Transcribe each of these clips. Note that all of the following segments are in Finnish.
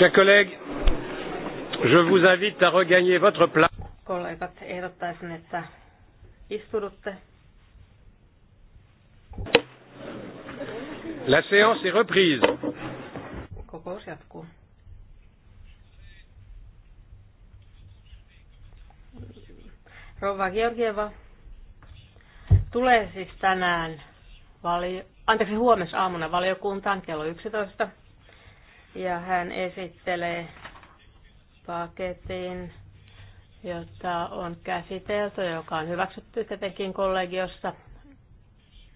Chers collègues, je vous invite à regagner votre place. Kollegat, ehdottaisin, että istudutte. La séance est reprise. Kokous jatkuu. Rova Georgieva tulee siis tänään, vali, anteeksi huomis aamuna valiokuntaan kello 11 ja hän esittelee paketin, jota on käsitelty, joka on hyväksytty tietenkin kollegiossa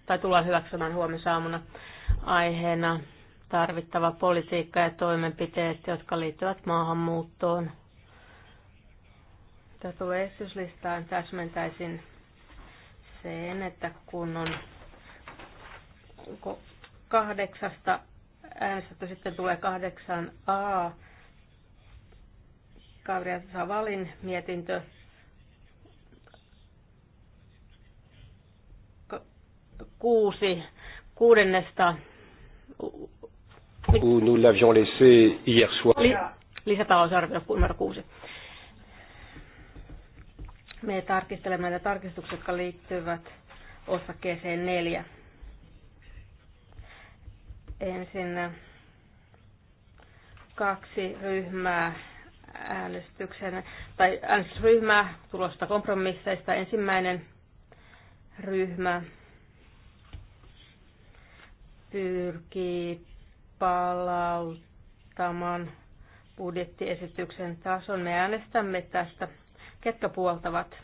tai tullaan hyväksymään huomisaamuna aiheena tarvittava politiikka ja toimenpiteet, jotka liittyvät maahanmuuttoon. Tätä tulee esityslistaan, täsmentäisin sen, että kun on kahdeksasta äänestetty. Sitten tulee 8a. Kavria Savalin mietintö. Kuusi kuudennesta. Où nous l'avions laissé hier soir. Li, lisätalousarvio numero kuusi. Me tarkistelemme näitä tarkistuksia, jotka liittyvät osakkeeseen neljä. Ensin kaksi ryhmää äänestyksen, tai äänestysryhmää tulosta kompromisseista. Ensimmäinen ryhmä pyrkii palauttamaan budjettiesityksen tason. Me äänestämme tästä, ketkä puoltavat.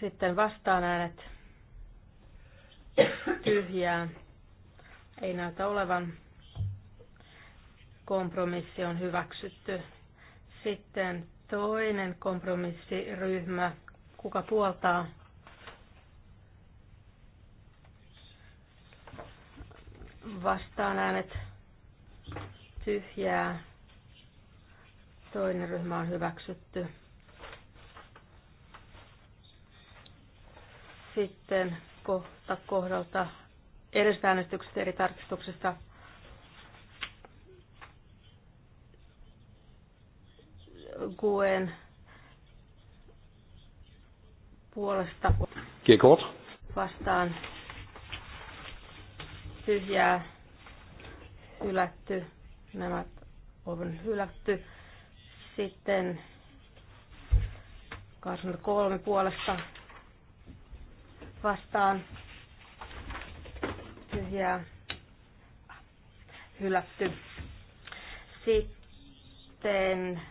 Sitten vastaan äänet. Tyhjää ei näytä olevan. Kompromissi on hyväksytty. Sitten toinen kompromissiryhmä. Kuka puoltaa? Vastaan äänet tyhjää. Toinen ryhmä on hyväksytty. Sitten kohta kohdalta edestä äänestyksestä eri tarkistuksista. Guen puolesta Kiekot. vastaan tyhjää hylätty. Nämä on hylätty. Sitten 23 puolesta vastaan tyhjää hylätty. Sitten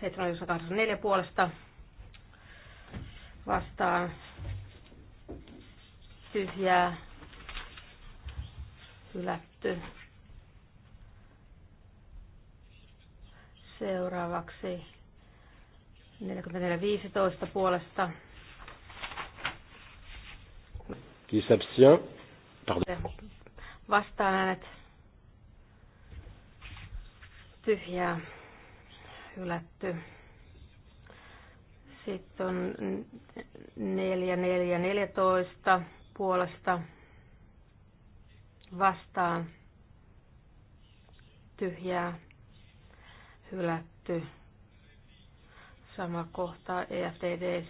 784 puolesta vastaan tyhjää hylätty. Seuraavaksi 44.15 puolesta Qui s'abstient Pardon. Vastaan äänet. Tyhjää. Hylätty. Sitten on 4, 4, 14 puolesta vastaan tyhjää hylätty. Sama kohta EFTD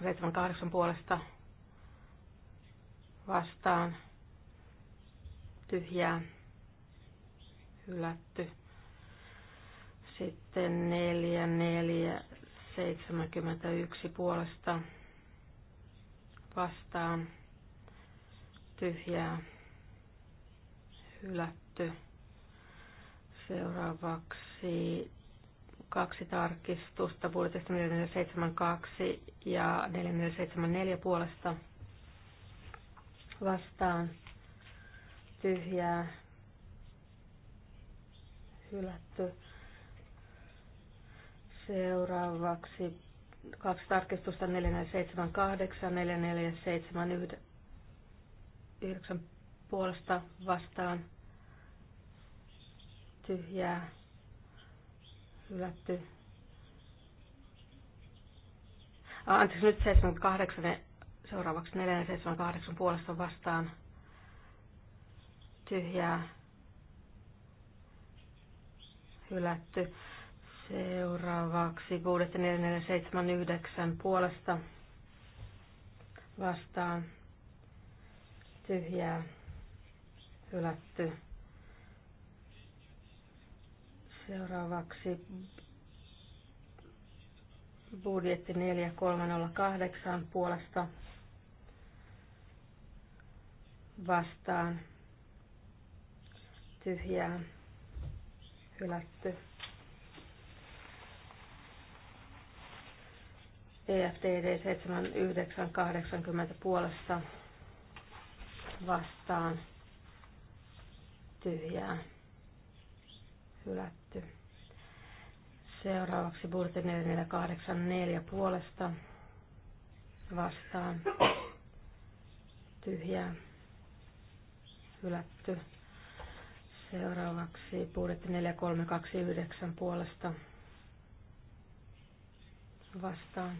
7 8 puolesta vastaan tyhjää hylätty. Sitten 4, 4, 71 puolesta vastaan tyhjää hylätty. Seuraavaksi kaksi tarkistusta, puolitoista 472 ja 474 puolesta vastaan tyhjää hylätty. Seuraavaksi kaksi tarkistusta 4478, 4479 puolesta vastaan tyhjää hylätty. Anteeksi, nyt 78 Seuraavaksi 478 puolesta vastaan tyhjää hylätty. Seuraavaksi budjetti 4479 puolesta vastaan tyhjää hylätty. Seuraavaksi budjetti 4308 puolesta vastaan tyhjää hylätty. EFTD 7980 puolesta vastaan tyhjää hylätty. Seuraavaksi Burti 484 puolesta vastaan tyhjää hylätty. Seuraavaksi budjetti 4329 puolesta vastaan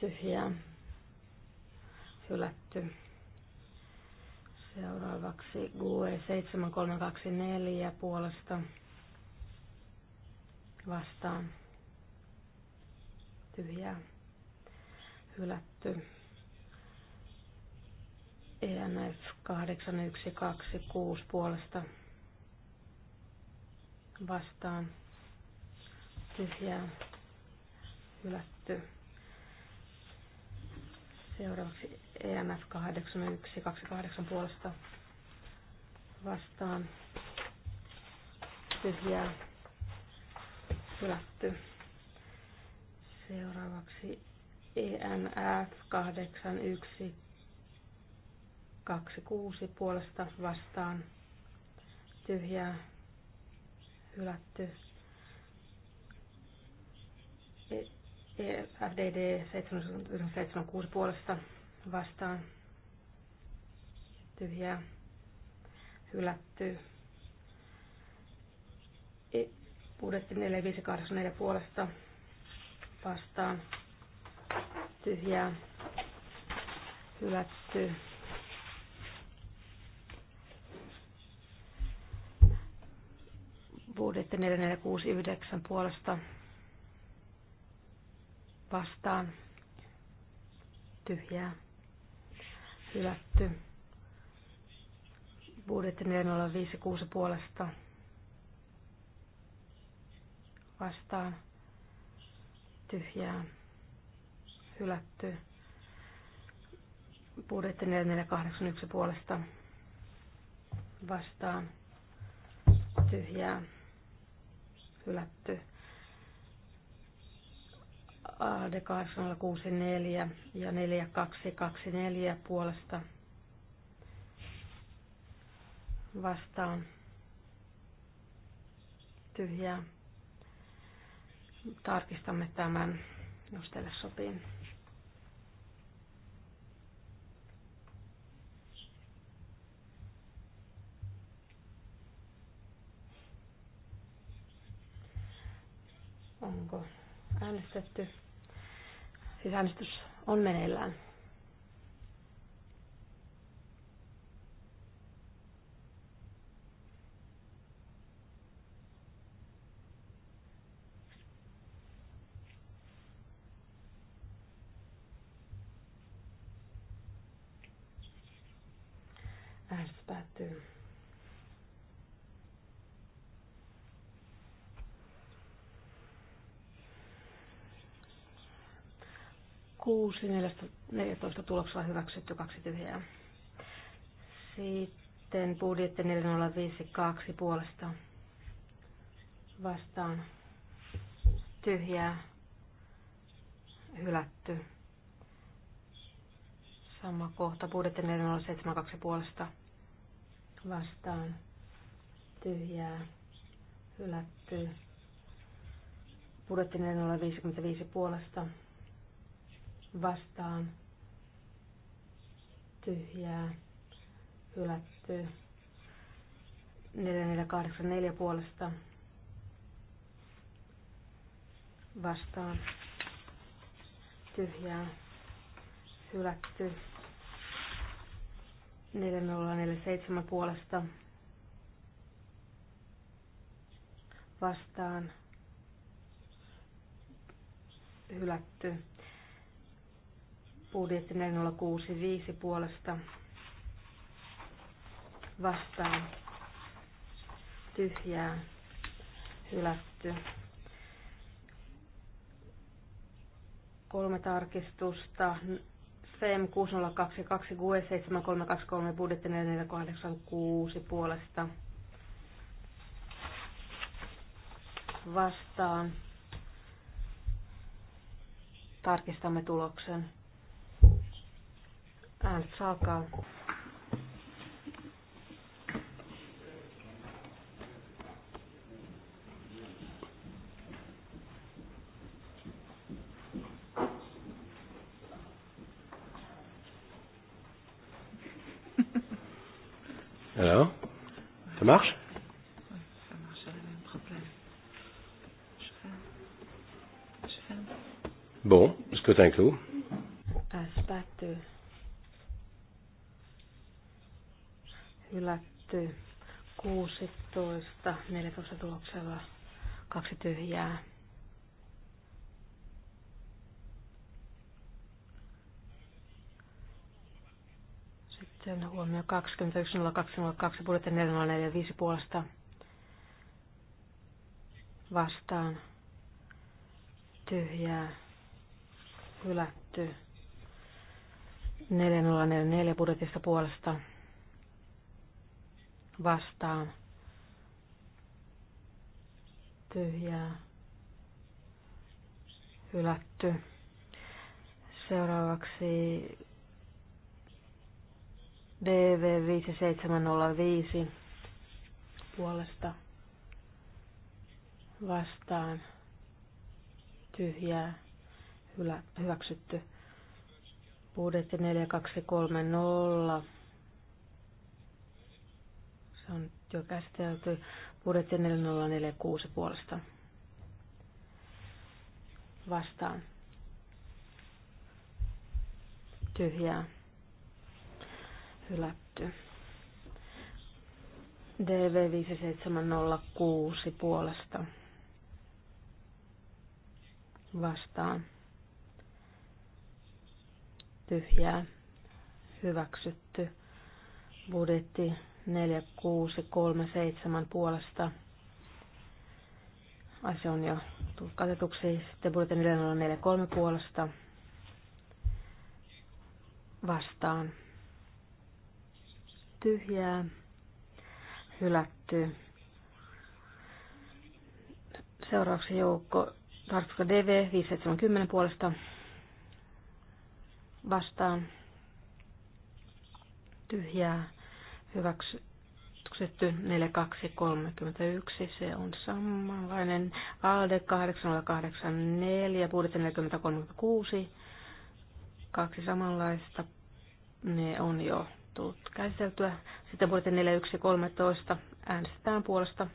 tyhjää hylätty. Seuraavaksi GUE 7324 puolesta vastaan tyhjää hylätty. ENF 8126 puolesta vastaan tyhjää hylätty. Seuraavaksi EMF 8128 puolesta vastaan tyhjää hylätty. Seuraavaksi ENF 81 kaksi kuusi puolesta vastaan tyhjää hylätty. E, e, FDD 776 puolesta vastaan tyhjää hylätty. E, budjetti 4584 puolesta vastaan tyhjää hylätty. budjetti 4469 puolesta vastaan tyhjää hylätty. Budjetti 4056 puolesta vastaan tyhjää hylätty. Budjetti 4481 puolesta vastaan tyhjää hylätty. AD 864 ja 4224 puolesta vastaan tyhjää. Tarkistamme tämän, jos teille sopii. Onko äänestetty? Siis äänestys on meneillään. 6, 14 tuloksella hyväksytty, kaksi tyhjää. Sitten budjetti 4052 puolesta vastaan tyhjää, hylätty. Sama kohta, budjetti 4072 puolesta vastaan tyhjää, hylätty. Budjetti 4055 puolesta vastaan tyhjää hylätty 4484 puolesta vastaan tyhjää hylätty 4047 puolesta vastaan hylätty Budjetti 4065 puolesta vastaan tyhjää hylätty. Kolme tarkistusta. FEM 6022 GUE 7323 budjetti 4486 puolesta vastaan. Tarkistamme tuloksen. Äänestys alkaa. Alors Ça marche Oui, ça marche, j'avais un problème. Bon, Hylätty 16, 14 tuloksella kaksi tyhjää. Sitten huomio 21.02.02 budjetti 4.045 puolesta vastaan tyhjää hylätty 4.044 budjetista puolesta vastaan tyhjää hylätty. Seuraavaksi DV5705 puolesta vastaan tyhjää hyväksytty budjetti 4230 se on jo käsitelty budjetti 4046 puolesta. Vastaan. Tyhjää. Hylätty. DV5706 puolesta. Vastaan. Tyhjää. Hyväksytty. Budjetti 4, 6, 3, 7 puolesta. Asia on jo tullut katetuksi. Sitten budjetti 404 3 puolesta vastaan. Tyhjää, hylätty. Seuraavaksi joukko Tartuska DV 5710 puolesta vastaan. Tyhjää, hyväksytty 4231, se on samanlainen. ALDE 8084, budjetti 4036, kaksi samanlaista, ne on jo tullut käsiteltyä. Sitten budjetti 4113, äänestetään puolesta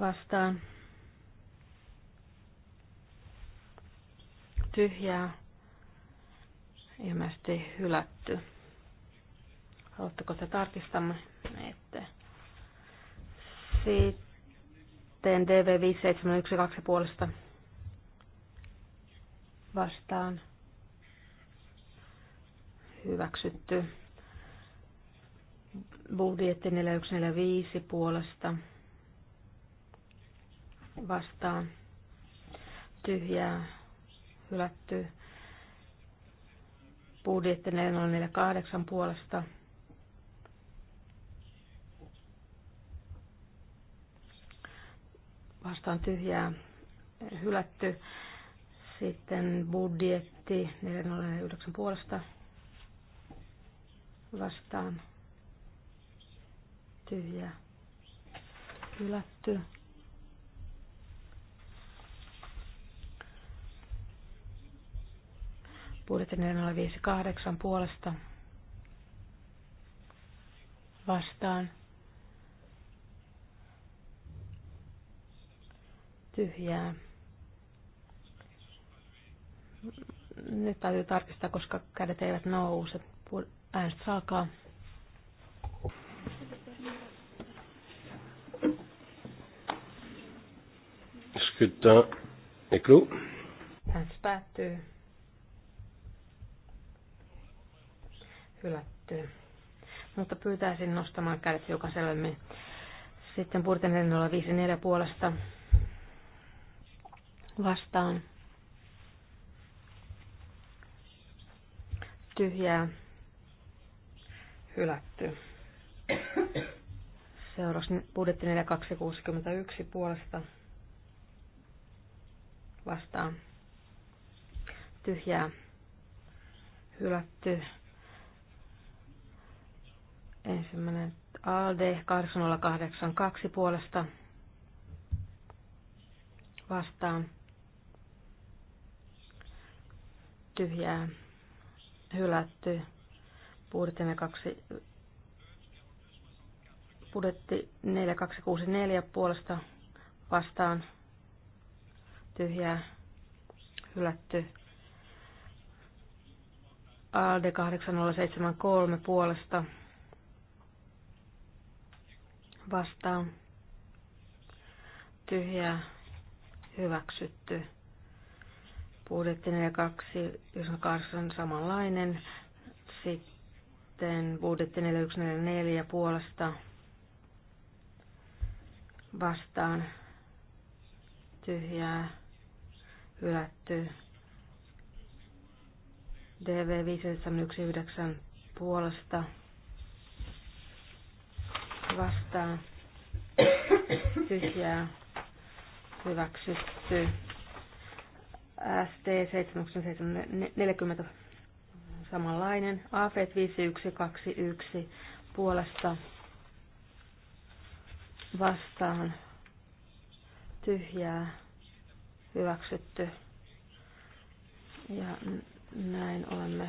vastaan. Tyhjää, ilmeisesti hylätty. Oletteko se tarkistamme? Ette. Sitten DV5712 puolesta vastaan hyväksytty. Budjetti 4145 puolesta vastaan tyhjää hylätty. Budjetti 4048 puolesta vastaan tyhjää hylätty. Sitten budjetti 409 puolesta vastaan tyhjää hylätty. Budjetti 4058 puolesta vastaan tyhjää. Nyt täytyy tarkistaa, koska kädet eivät nouse. Äänestä saakaa. Skyttää Eklu. Äänestys päättyy. Hylättyy. Mutta pyytäisin nostamaan kädet hiukan selvemmin. Sitten Purten 054 puolesta vastaan tyhjää hylätty. Seuraavaksi budjetti 4261 puolesta vastaan tyhjää hylätty. Ensimmäinen ALD 8082 puolesta vastaan tyhjää hylätty. Budjettimme kaksi budjetti 4264 puolesta vastaan tyhjää hylätty. ALD 8073 puolesta vastaan tyhjää hyväksytty budjetti Karsan samanlainen. Sitten budjetti 4144 puolesta vastaan tyhjää hylätty. DV 5719 puolesta vastaan tyhjää hyväksytty. ST7740 samanlainen, AFET 5121 puolesta vastaan tyhjää hyväksytty. Ja näin olemme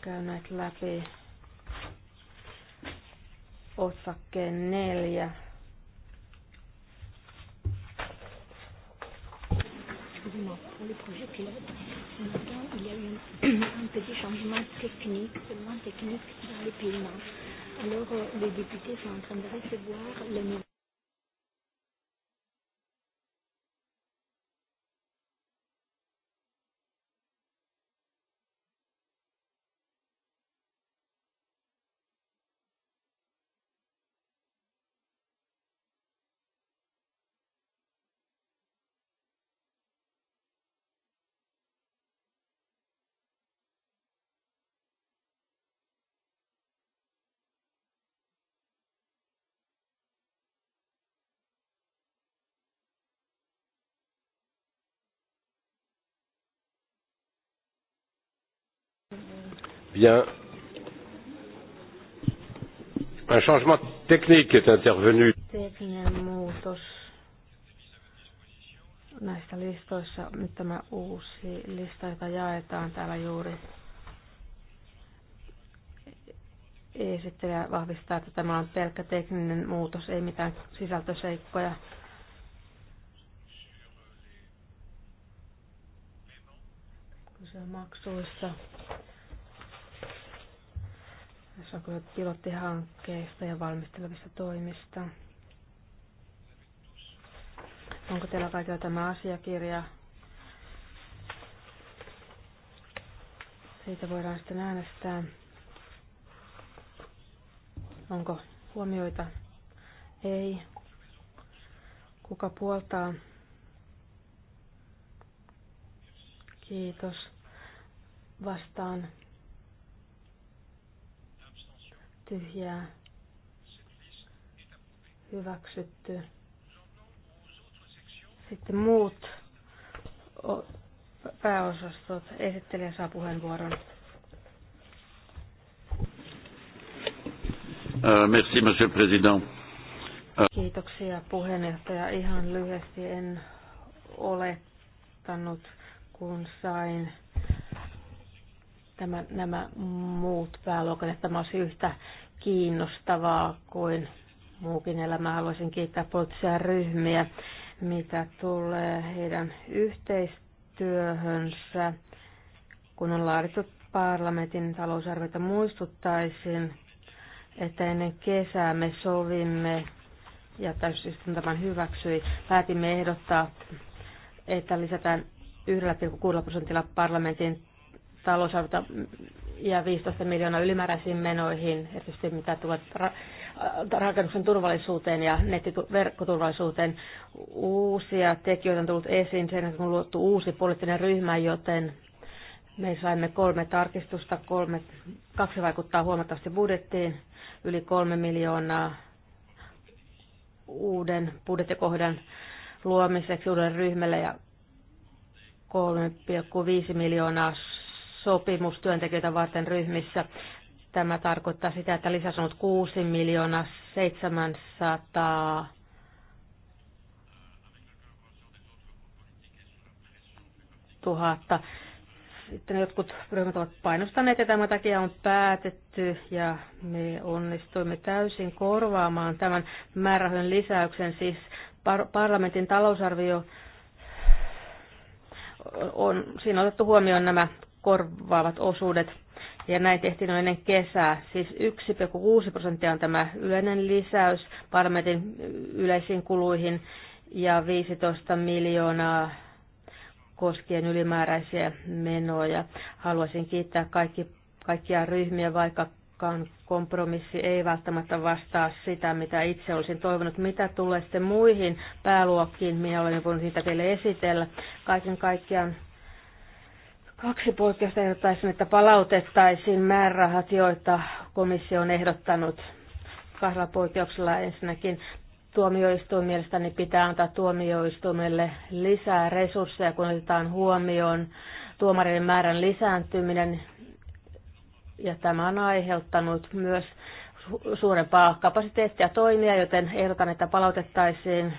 käyneet läpi otsakkeen neljä changement pour le projet pilote. Maintenant, il y a eu un, un petit changement technique, seulement technique, dans le paiements. Alors, euh, les députés sont en train de recevoir le nouveau. Bien. Un changement technique est intervenu. Tekninen muutos näistä listoissa. Nyt tämä uusi lista, jota jaetaan täällä juuri esittelijä vahvistaa, että tämä on pelkkä tekninen muutos, ei mitään sisältöseikkoja. Kyse maksuissa. Tässä on kyllä pilottihankkeista ja valmistelevista toimista. Onko teillä kaikilla tämä asiakirja? Siitä voidaan sitten äänestää. Onko huomioita? Ei. Kuka puoltaa? Kiitos. Vastaan. tyhjää hyväksytty. Sitten muut pääosastot. Esittelijä saa puheenvuoron. Euh, merci, monsieur le président. Euh, Kiitoksia puheenjohtaja. Ihan lyhyesti en olettanut, kun sain tämän nämä muut pääluokat, että tämä olisi yhtä kiinnostavaa kuin muukin elämä. Haluaisin kiittää poliittisia ryhmiä, mitä tulee heidän yhteistyöhönsä. Kun on laadittu parlamentin talousarviota, muistuttaisin, että ennen kesää me sovimme ja täysistun tämän hyväksyi, päätimme ehdottaa, että lisätään 1,6 prosentilla parlamentin talousarviota ja 15 miljoonaa ylimääräisiin menoihin, erityisesti mitä tulee äh, rakennuksen turvallisuuteen ja nettiverkkoturvallisuuteen. Uusia tekijöitä on tullut esiin, sen on luotu uusi poliittinen ryhmä, joten me saimme kolme tarkistusta, kolme, kaksi vaikuttaa huomattavasti budjettiin, yli kolme miljoonaa uuden budjettikohdan luomiseksi uudelle ryhmälle ja 3,5 miljoonaa sopimustyöntekijöitä varten ryhmissä. Tämä tarkoittaa sitä, että lisäys on 6 miljoonaa 700 tuhatta. Sitten jotkut ryhmät ovat painostaneet ja tämän takia on päätetty ja me onnistuimme täysin korvaamaan tämän määrärahojen lisäyksen. Siis par- parlamentin talousarvio on, siinä on otettu huomioon nämä korvaavat osuudet. Ja näin tehtiin noin ennen kesää. Siis 1,6 prosenttia on tämä yleinen lisäys parlamentin yleisiin kuluihin ja 15 miljoonaa koskien ylimääräisiä menoja. Haluaisin kiittää kaikki, kaikkia ryhmiä, vaikkakaan kompromissi ei välttämättä vastaa sitä, mitä itse olisin toivonut. Mitä tulee sitten muihin pääluokkiin, minä olen voinut niitä teille esitellä. Kaiken kaikkiaan Kaksi poikkeusta ehdottaisin, että palautettaisiin määrärahat, joita komissio on ehdottanut kahdella poikkeuksella ensinnäkin tuomioistuin mielestäni pitää antaa tuomioistuimelle lisää resursseja, kun otetaan huomioon tuomarien määrän lisääntyminen. Ja tämä on aiheuttanut myös suurempaa kapasiteettia toimia, joten ehdotan, että palautettaisiin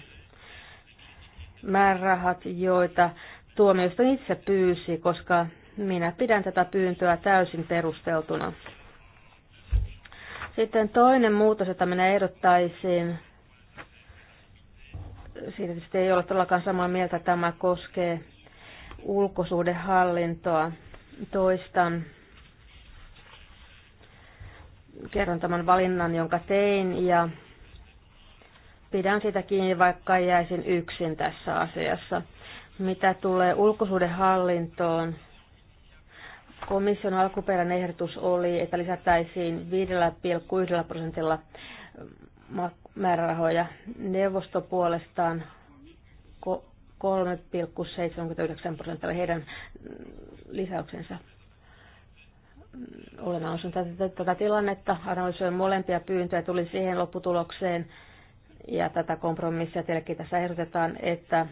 määrärahat, joita tuomioistuin itse pyysi, koska minä pidän tätä pyyntöä täysin perusteltuna. Sitten toinen muutos, jota minä ehdottaisin, siitä tietysti ei ole todellakaan samaa mieltä, tämä koskee ulkosuhdehallintoa. Toistan, kerron tämän valinnan, jonka tein, ja pidän sitä kiinni, vaikka jäisin yksin tässä asiassa. Mitä tulee ulkosuhdehallintoon, komission alkuperäinen ehdotus oli, että lisättäisiin 5,1 prosentilla määrärahoja. Neuvosto puolestaan 3,79 prosentilla heidän lisäyksensä. Olen osanneet tätä tilannetta, analysoin molempia pyyntöjä, tuli siihen lopputulokseen ja tätä kompromissia teillekin tässä ehdotetaan, että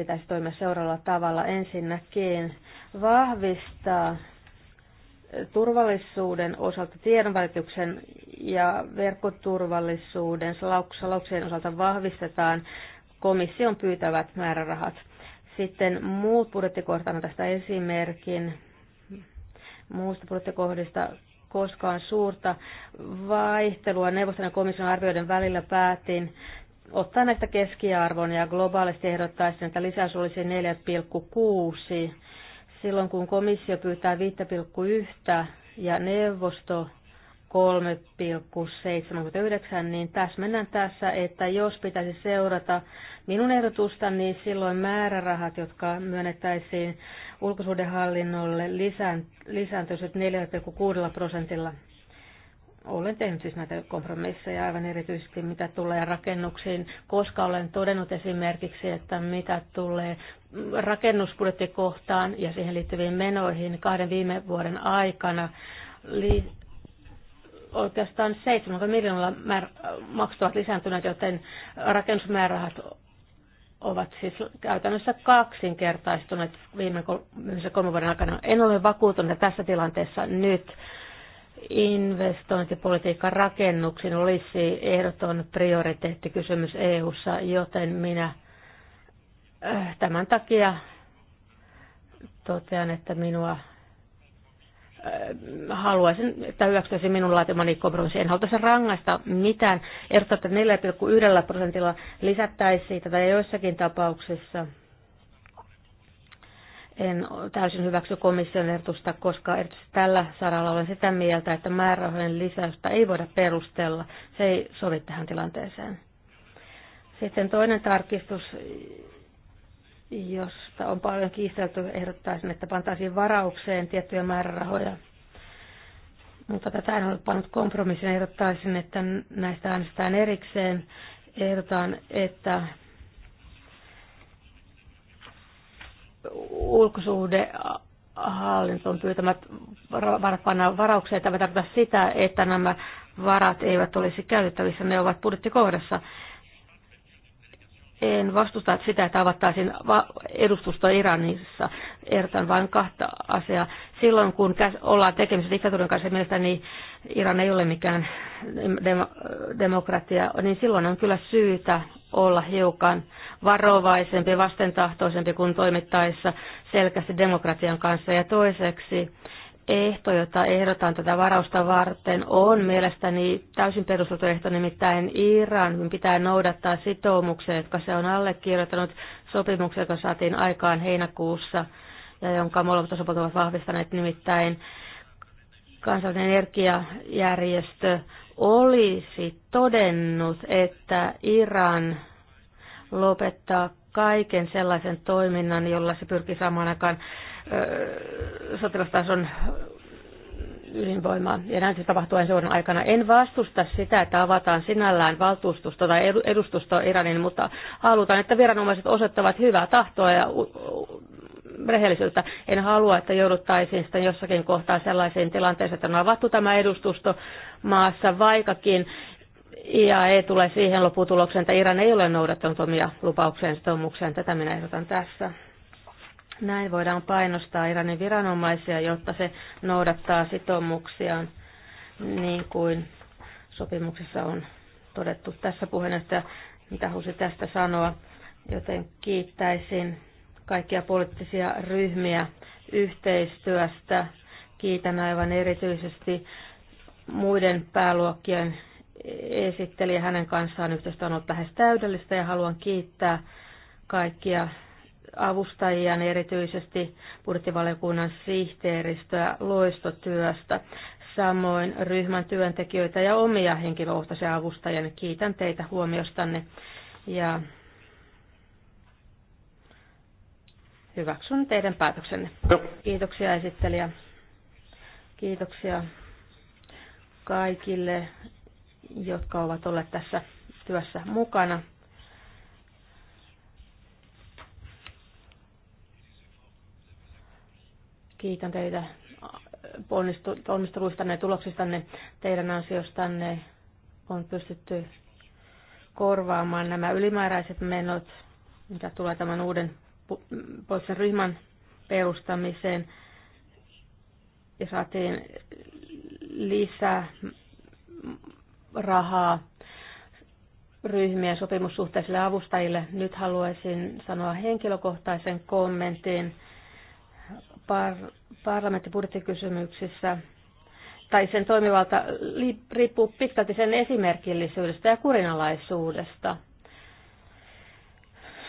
pitäisi toimia seuraavalla tavalla. Ensinnäkin vahvistaa turvallisuuden osalta tiedonvälityksen ja verkkoturvallisuuden salauksien osalta vahvistetaan komission pyytävät määrärahat. Sitten muut budjettikohtaan tästä esimerkin muusta budjettikohdista koskaan suurta vaihtelua neuvoston ja komission arvioiden välillä päätin ottaa näistä keskiarvon ja globaalisti ehdottaisin, että lisäys olisi 4,6. Silloin kun komissio pyytää 5,1 ja neuvosto 3,79, niin tässä mennään tässä, että jos pitäisi seurata minun ehdotustani, niin silloin määrärahat, jotka myönnettäisiin ulkosuhdehallinnolle, lisään, lisääntyisivät 4,6 prosentilla olen tehnyt siis näitä kompromisseja aivan erityisesti mitä tulee rakennuksiin, koska olen todennut esimerkiksi, että mitä tulee rakennusbudjettikohtaan ja siihen liittyviin menoihin kahden viime vuoden aikana, li- oikeastaan 70 miljoonalla määr- maksut ovat lisääntyneet, joten rakennusmäärärahat ovat siis käytännössä kaksinkertaistuneet viime kolmen vuoden aikana. En ole vakuutunut tässä tilanteessa nyt investointipolitiikan rakennuksiin olisi ehdoton prioriteettikysymys EU:ssa, joten minä äh, tämän takia totean, että minua äh, haluaisin, että hyväksyisi minun laatimani kompromissi. En halua rangaista mitään. Ehdottaa, että 4,1 prosentilla lisättäisiin tätä joissakin tapauksissa – en täysin hyväksy komission ehdotusta, koska erityisesti tällä saralla olen sitä mieltä, että määrärahojen lisäystä ei voida perustella. Se ei sovi tähän tilanteeseen. Sitten toinen tarkistus, josta on paljon kiistelty, ehdottaisin, että pantaisiin varaukseen tiettyjä määrärahoja. Mutta tätä en ole pannut kompromissin, ehdottaisin, että näistä äänestetään erikseen. Ehdotan, että ulkosuhde hallinton pyytämät varat pannaan varaukseen. Tämä tarkoittaa sitä, että nämä varat eivät olisi käytettävissä, ne ovat budjettikohdassa en vastusta sitä, että avattaisiin edustusta Iranissa. ertan vain kahta asiaa. Silloin kun ollaan tekemisissä diktatuurin kanssa, mielestäni niin Iran ei ole mikään dem- demokratia, niin silloin on kyllä syytä olla hiukan varovaisempi, vastentahtoisempi kuin toimittaessa selkeästi demokratian kanssa. Ja toiseksi ehto, jota ehdotan tätä varausta varten, on mielestäni täysin perusteltu ehto, nimittäin Iran pitää noudattaa sitoumuksia, jotka se on allekirjoittanut sopimuksia, joka saatiin aikaan heinäkuussa ja jonka molemmat osapuolet ovat vahvistaneet, nimittäin kansallinen energiajärjestö olisi todennut, että Iran lopettaa kaiken sellaisen toiminnan, jolla se pyrkii samaan aikaan sotilastason ydinvoimaa. Ja näin se tapahtuu ensi vuoden aikana. En vastusta sitä, että avataan sinällään valtuustusta tai edustusta Iranin, mutta halutaan, että viranomaiset osoittavat hyvää tahtoa ja rehellisyyttä. En halua, että jouduttaisiin sitten jossakin kohtaa sellaisiin tilanteisiin, että on avattu tämä edustusto maassa, vaikkakin ei tule siihen lopputulokseen, että Iran ei ole noudattanut omia lupaukseen sitoumukseen. Tätä minä ehdotan tässä. Näin voidaan painostaa Iranin viranomaisia, jotta se noudattaa sitoumuksiaan niin kuin sopimuksessa on todettu tässä puheenjohtaja, mitä huusi tästä sanoa. Joten kiittäisin kaikkia poliittisia ryhmiä yhteistyöstä. Kiitän aivan erityisesti muiden pääluokkien esittelijä hänen kanssaan yhteistyö on ollut lähes täydellistä ja haluan kiittää kaikkia avustajia niin erityisesti budjettivaliokunnan sihteeristöä loistotyöstä, samoin ryhmän työntekijöitä ja omia henkilökohtaisia avustajia. Kiitän teitä huomiostanne ja hyväksyn teidän päätöksenne. Kiitoksia esittelijä. Kiitoksia kaikille, jotka ovat olleet tässä työssä mukana. Kiitän teitä ponnisteluistanne ja tuloksistanne. Teidän ansiostanne on pystytty korvaamaan nämä ylimääräiset menot, mitä tulee tämän uuden poissen ryhmän perustamiseen. Ja saatiin lisää rahaa ryhmien sopimussuhteisille avustajille. Nyt haluaisin sanoa henkilökohtaisen kommentin par- parlamenttibudjettikysymyksissä tai sen toimivalta riippuu pitkälti sen esimerkillisyydestä ja kurinalaisuudesta.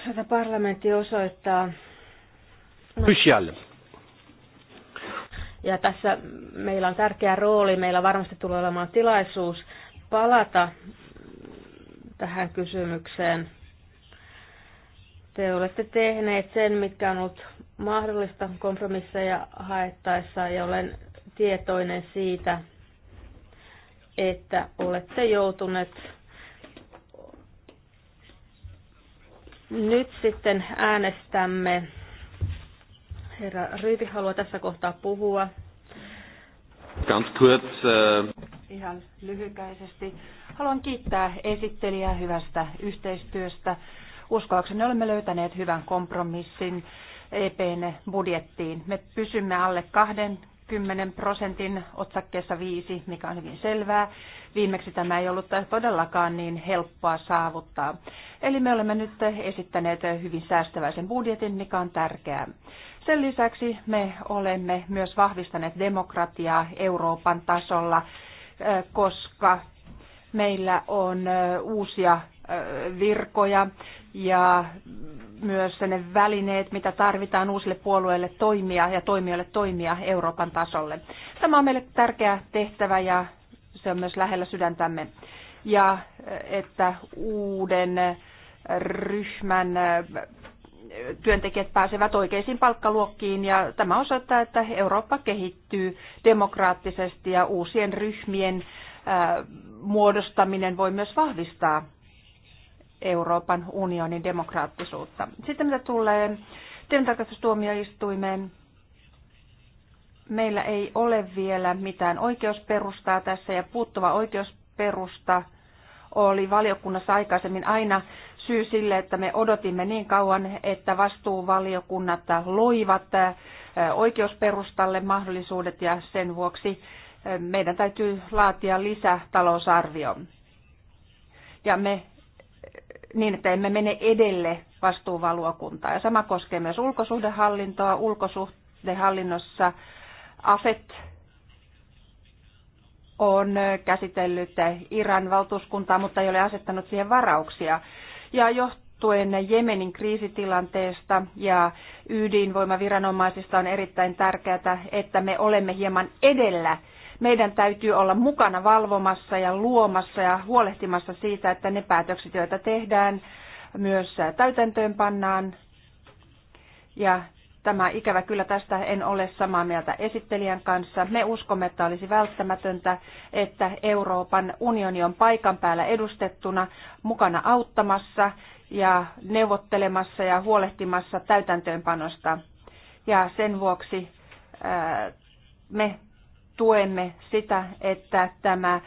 Tätä parlamentti osoittaa. Crucial. Ja tässä meillä on tärkeä rooli, meillä varmasti tulee olemaan tilaisuus palata tähän kysymykseen. Te olette tehneet sen, mitkä on ollut mahdollista kompromisseja haettaessa ja olen tietoinen siitä, että olette joutuneet nyt sitten äänestämme. Herra Ryyti haluaa tässä kohtaa puhua. Ganz kurz, äh... Ihan lyhykäisesti. Haluan kiittää esittelijää hyvästä yhteistyöstä. Uskoakseni olemme löytäneet hyvän kompromissin EPn budjettiin. Me pysymme alle 20 prosentin otsakkeessa 5, mikä on hyvin selvää. Viimeksi tämä ei ollut todellakaan niin helppoa saavuttaa. Eli me olemme nyt esittäneet hyvin säästäväisen budjetin, mikä on tärkeää. Sen lisäksi me olemme myös vahvistaneet demokratiaa Euroopan tasolla, koska meillä on uusia virkoja ja myös ne välineet, mitä tarvitaan uusille puolueille toimia ja toimijoille toimia Euroopan tasolle. Tämä on meille tärkeä tehtävä ja se on myös lähellä sydäntämme. Ja että uuden äh, ryhmän äh, työntekijät pääsevät oikeisiin palkkaluokkiin ja tämä osoittaa, että Eurooppa kehittyy demokraattisesti ja uusien ryhmien äh, muodostaminen voi myös vahvistaa Euroopan unionin demokraattisuutta. Sitten mitä tulee tilintarkastustuomioistuimeen, meillä ei ole vielä mitään oikeusperustaa tässä ja puuttuva oikeusperusta oli valiokunnassa aikaisemmin aina syy sille, että me odotimme niin kauan, että vastuuvaliokunnat loivat oikeusperustalle mahdollisuudet ja sen vuoksi meidän täytyy laatia lisätalousarvio. Ja me niin, että emme mene edelle vastuuvaluokuntaa. Ja sama koskee myös ulkosuhdehallintoa. Ulkosuhdehallinnossa AFET on käsitellyt Iran valtuuskuntaa, mutta ei ole asettanut siihen varauksia. Ja johtuen Jemenin kriisitilanteesta ja ydinvoimaviranomaisista on erittäin tärkeää, että me olemme hieman edellä meidän täytyy olla mukana valvomassa ja luomassa ja huolehtimassa siitä, että ne päätökset, joita tehdään, myös täytäntöön pannaan. Ja tämä ikävä kyllä tästä en ole samaa mieltä esittelijän kanssa. Me uskomme, että olisi välttämätöntä, että Euroopan unioni on paikan päällä edustettuna, mukana auttamassa ja neuvottelemassa ja huolehtimassa täytäntöönpanosta. Ja sen vuoksi me tuemme sitä, että tämä, äh,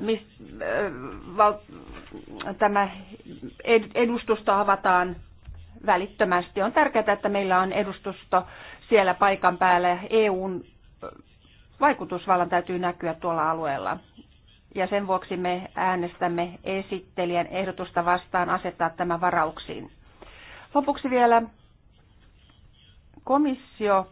mis, äh, val, tämä edustusto avataan välittömästi. On tärkeää, että meillä on edustusto siellä paikan päällä. EUn äh, vaikutusvallan täytyy näkyä tuolla alueella. Ja sen vuoksi me äänestämme esittelijän ehdotusta vastaan asettaa tämä varauksiin. Lopuksi vielä komissio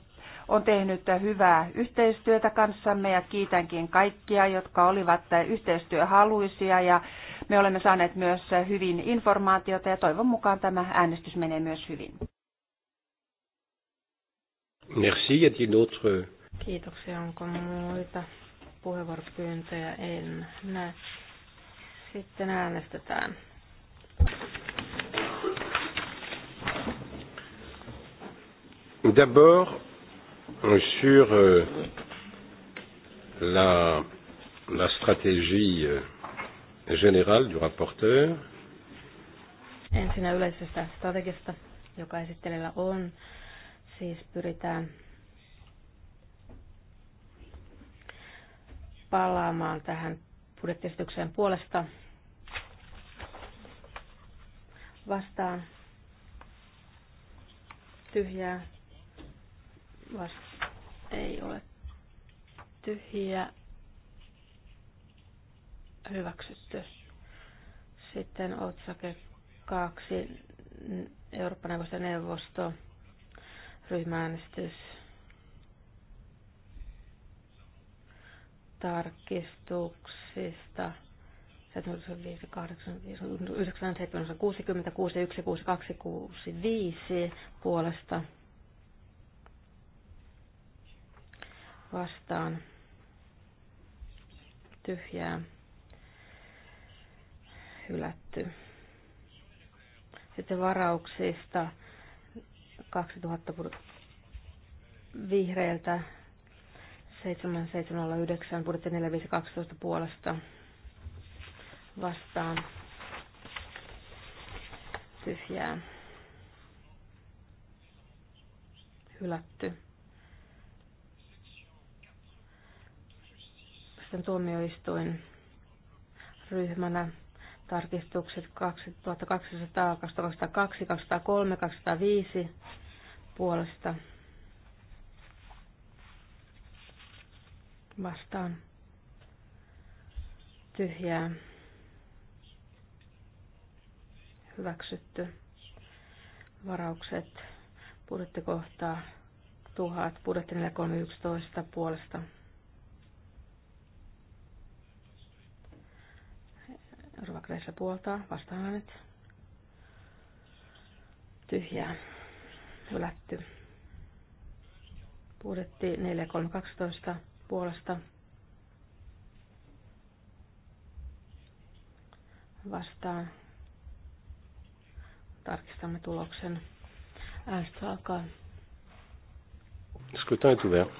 on tehnyt hyvää yhteistyötä kanssamme ja kiitänkin kaikkia, jotka olivat yhteistyöhaluisia ja me olemme saaneet myös hyvin informaatiota ja toivon mukaan tämä äänestys menee myös hyvin. Merci. Kiitoksia. Onko muita puheenvuoropyyntöjä? En näe. Sitten äänestetään. D'abord, sur euh, la, la stratégie euh, générale du rapporteur. Ensinnä yleisestä strategiasta, joka esittelijällä on. Siis pyritään palaamaan tähän budjettiesitykseen puolesta vastaan tyhjää vast ei ole tyhjiä hyväksytty. Sitten otsake 2, Euroopan neuvoston neuvosto, ryhmäänestys, tarkistuksista 75, 85, 97, 60, 61, 62, 65 puolesta vastaan tyhjää hylätty. Sitten varauksista 2000 vihreiltä 7709 budjetti 4512 puolesta vastaan tyhjää hylätty. sitten tuomioistuin ryhmänä tarkistukset 2200, 2202, 203, 205 puolesta vastaan tyhjää hyväksytty varaukset budjettikohtaa 1000, budjetti 4311 puolesta Rova Kressle puoltaa. Vastaan nyt. Tyhjää. Hylätty. Budjetti 4312 puolesta. Vastaan. Tarkistamme tuloksen. Äänestys alkaa. Scrutin est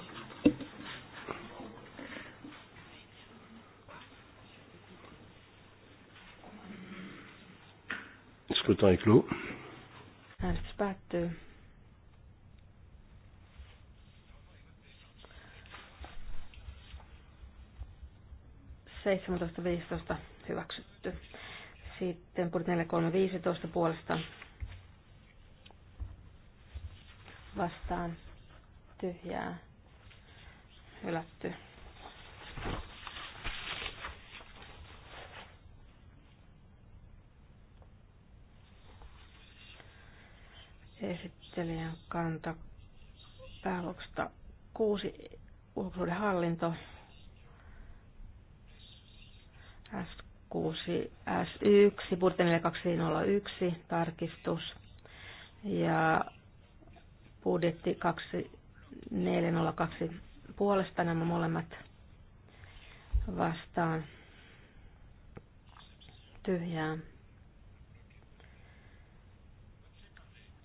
Scrutin est clos. Äänestys päättyy. Seitsemäntoista viisitoista hyväksytty. Sitten budjetti 4315 puolesta vastaan tyhjää hylätty. Esittelijän kanta pääluokasta kuusi ulkoisuuden hallinto. S6, S1, Burte 4201, tarkistus. Ja budjetti 2402 puolesta nämä molemmat vastaan tyhjää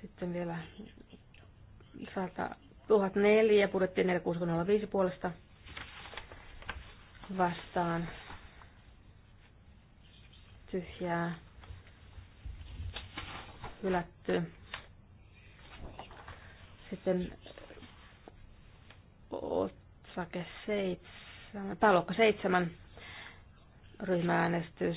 Sitten vielä 100, 1004 budjetti 4605 puolesta vastaan tyhjää hylätty. Sitten otsake 7, pääluokka 7, ryhmääänestys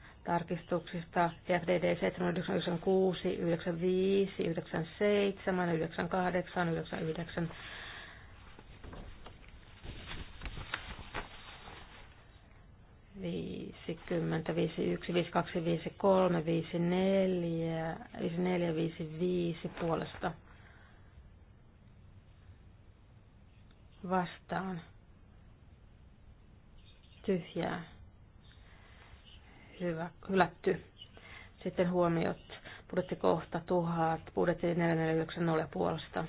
tarkistuksista FDD 796, 95, 97, 98, 99. viisikymmentä, viisi yksi, viisi kaksi, viisi kolme, viisi neljä, viisi neljä, viisi viisi puolesta vastaan tyhjää hyvä, hylätty. Sitten huomiot kohta tuhat, budjetti 4490 puolesta.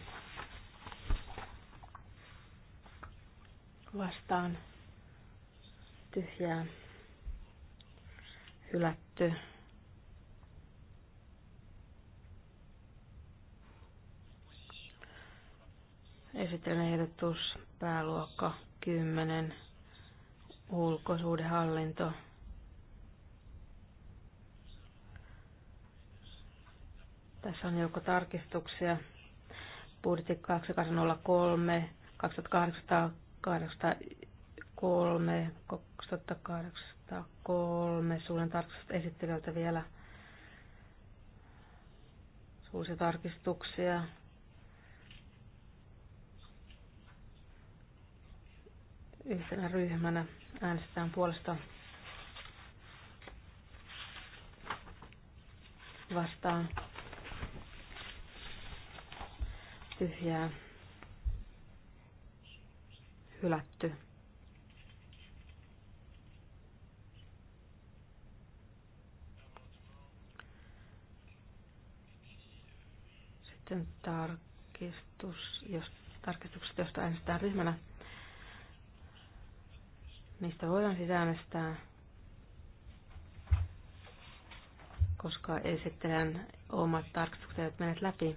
Vastaan tyhjää, hylätty. Esittelen ehdotus, pääluokka 10, ulkosuudenhallinto. hallinto Tässä on joukko tarkistuksia. Budjetti 2803, 2803, 2803. suuren tarkistus esittelyltä vielä uusia tarkistuksia. Yhtenä ryhmänä äänestetään puolesta vastaan tyhjää hylätty. Sitten tarkistus, jos tarkistukset, joista äänestetään ryhmänä, niistä voidaan siis äänestää, koska esittelen omat tarkistukset menet läpi.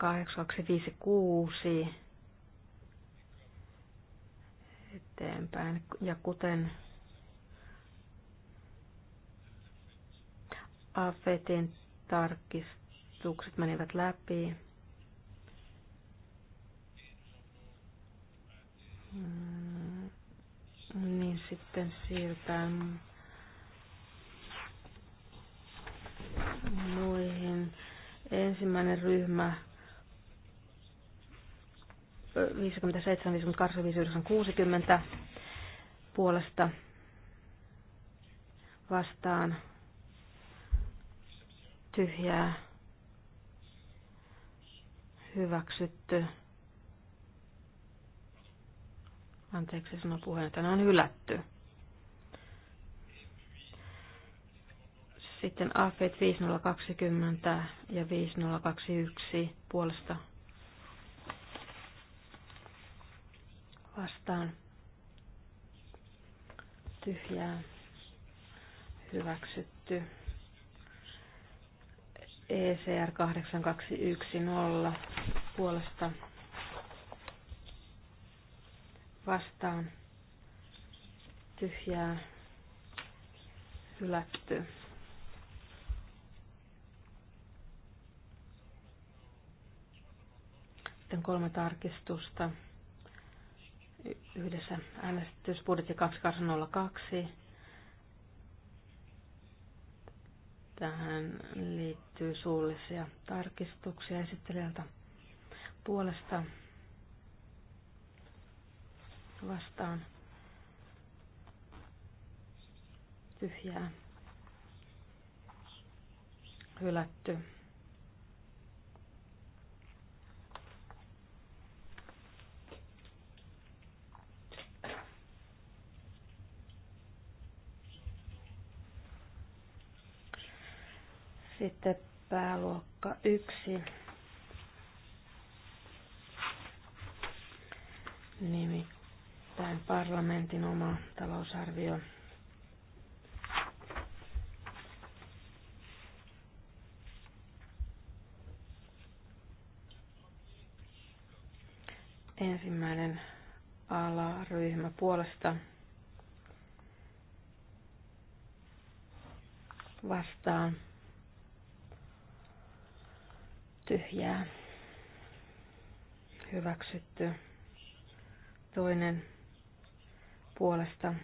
8256 eteenpäin. Ja kuten AFETin tarkistukset menivät läpi, niin sitten siirrytään muihin. Ensimmäinen ryhmä 57, 58, 59, 60 puolesta vastaan tyhjää hyväksytty. Anteeksi puheen, että on hylätty. Sitten AFET 5020 ja 5021 puolesta vastaan tyhjää hyväksytty. ECR 8210 puolesta vastaan tyhjää hylätty. Sitten kolme tarkistusta yhdessä äänestysbudjetti 2202. Tähän liittyy suullisia tarkistuksia esittelijältä puolesta vastaan tyhjää hylätty. Sitten pääluokka 1. Nimittäin parlamentin oma talousarvio. Ensimmäinen alaryhmä puolesta vastaan tyhjää hyväksytty. Toinen puolesta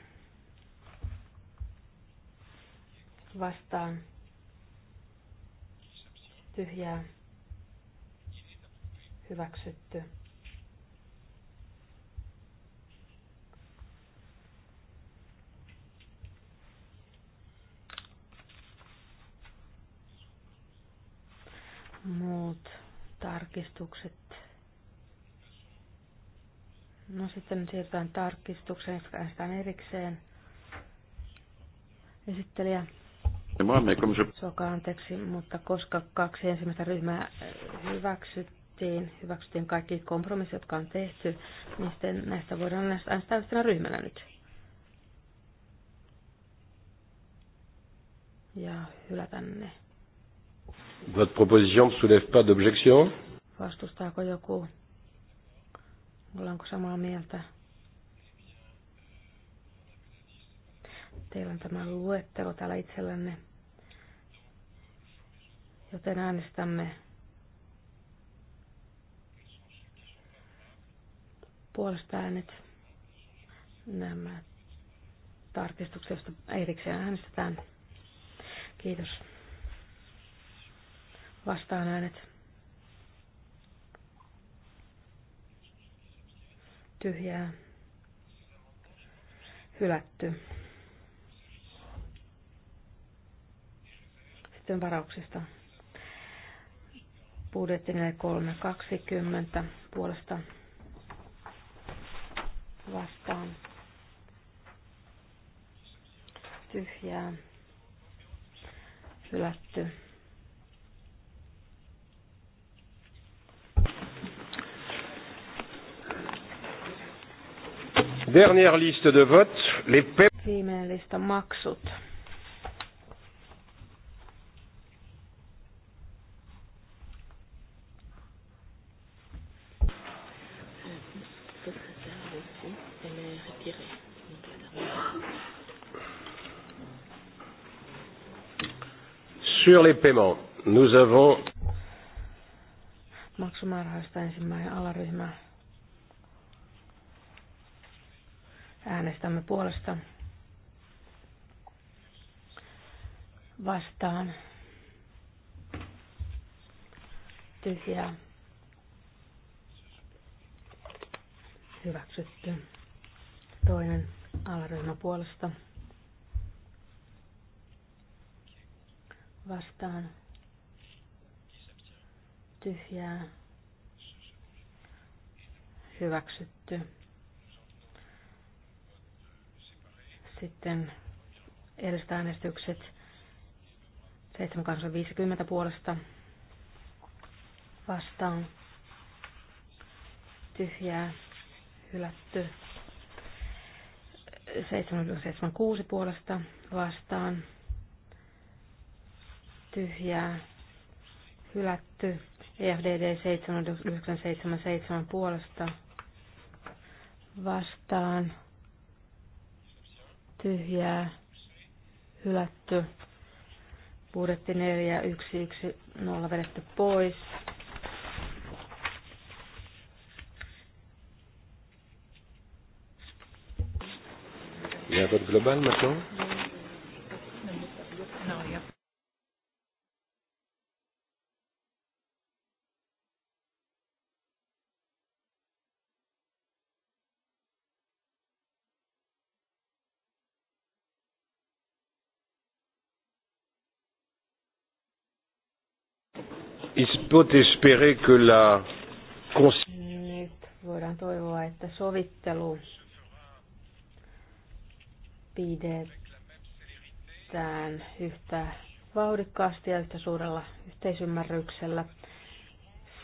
vastaan tyhjää hyväksytty. muut tarkistukset. No sitten siirrytään tarkistukseen, jotka äänestetään erikseen. Esittelijä. Soka anteeksi, mutta koska kaksi ensimmäistä ryhmää hyväksyttiin, hyväksyttiin kaikki kompromissit, jotka on tehty, niin sitten näistä voidaan äänestää yhtenä ryhmänä nyt. Ja hylätään ne. Votre proposition ne soulève pas d'objection? Vastustaako joku? Ollaanko samaa mieltä? Teillä on tämä luettelo täällä itsellänne, joten äänestämme puolesta äänet nämä tarkistukset, joista erikseen äänestetään. Kiitos. Vastaan äänet. Tyhjää. Hylätty. Sitten varauksista. Budjetti 320 puolesta vastaan. Tyhjää. Hylätty. Dernière liste de vote, les paiements. Sur les paiements, nous avons maksumääräystä ensimmäinen alaryhmä Äänestämme puolesta. Vastaan. Tyhjää. Hyväksytty. Toinen alaryhmä puolesta. Vastaan. Tyhjää. Hyväksytty. Sitten edelliset äänestykset 750 puolesta vastaan tyhjää hylätty 776 puolesta vastaan tyhjää hylätty EFDD 7977 puolesta vastaan tyhjää, hylätty. Budjetti 4110 vedetty pois. Il y a un vote global maintenant peut espérer que la voidaan toivoa, että sovittelu pidetään yhtä vauhdikkaasti ja yhtä suurella yhteisymmärryksellä.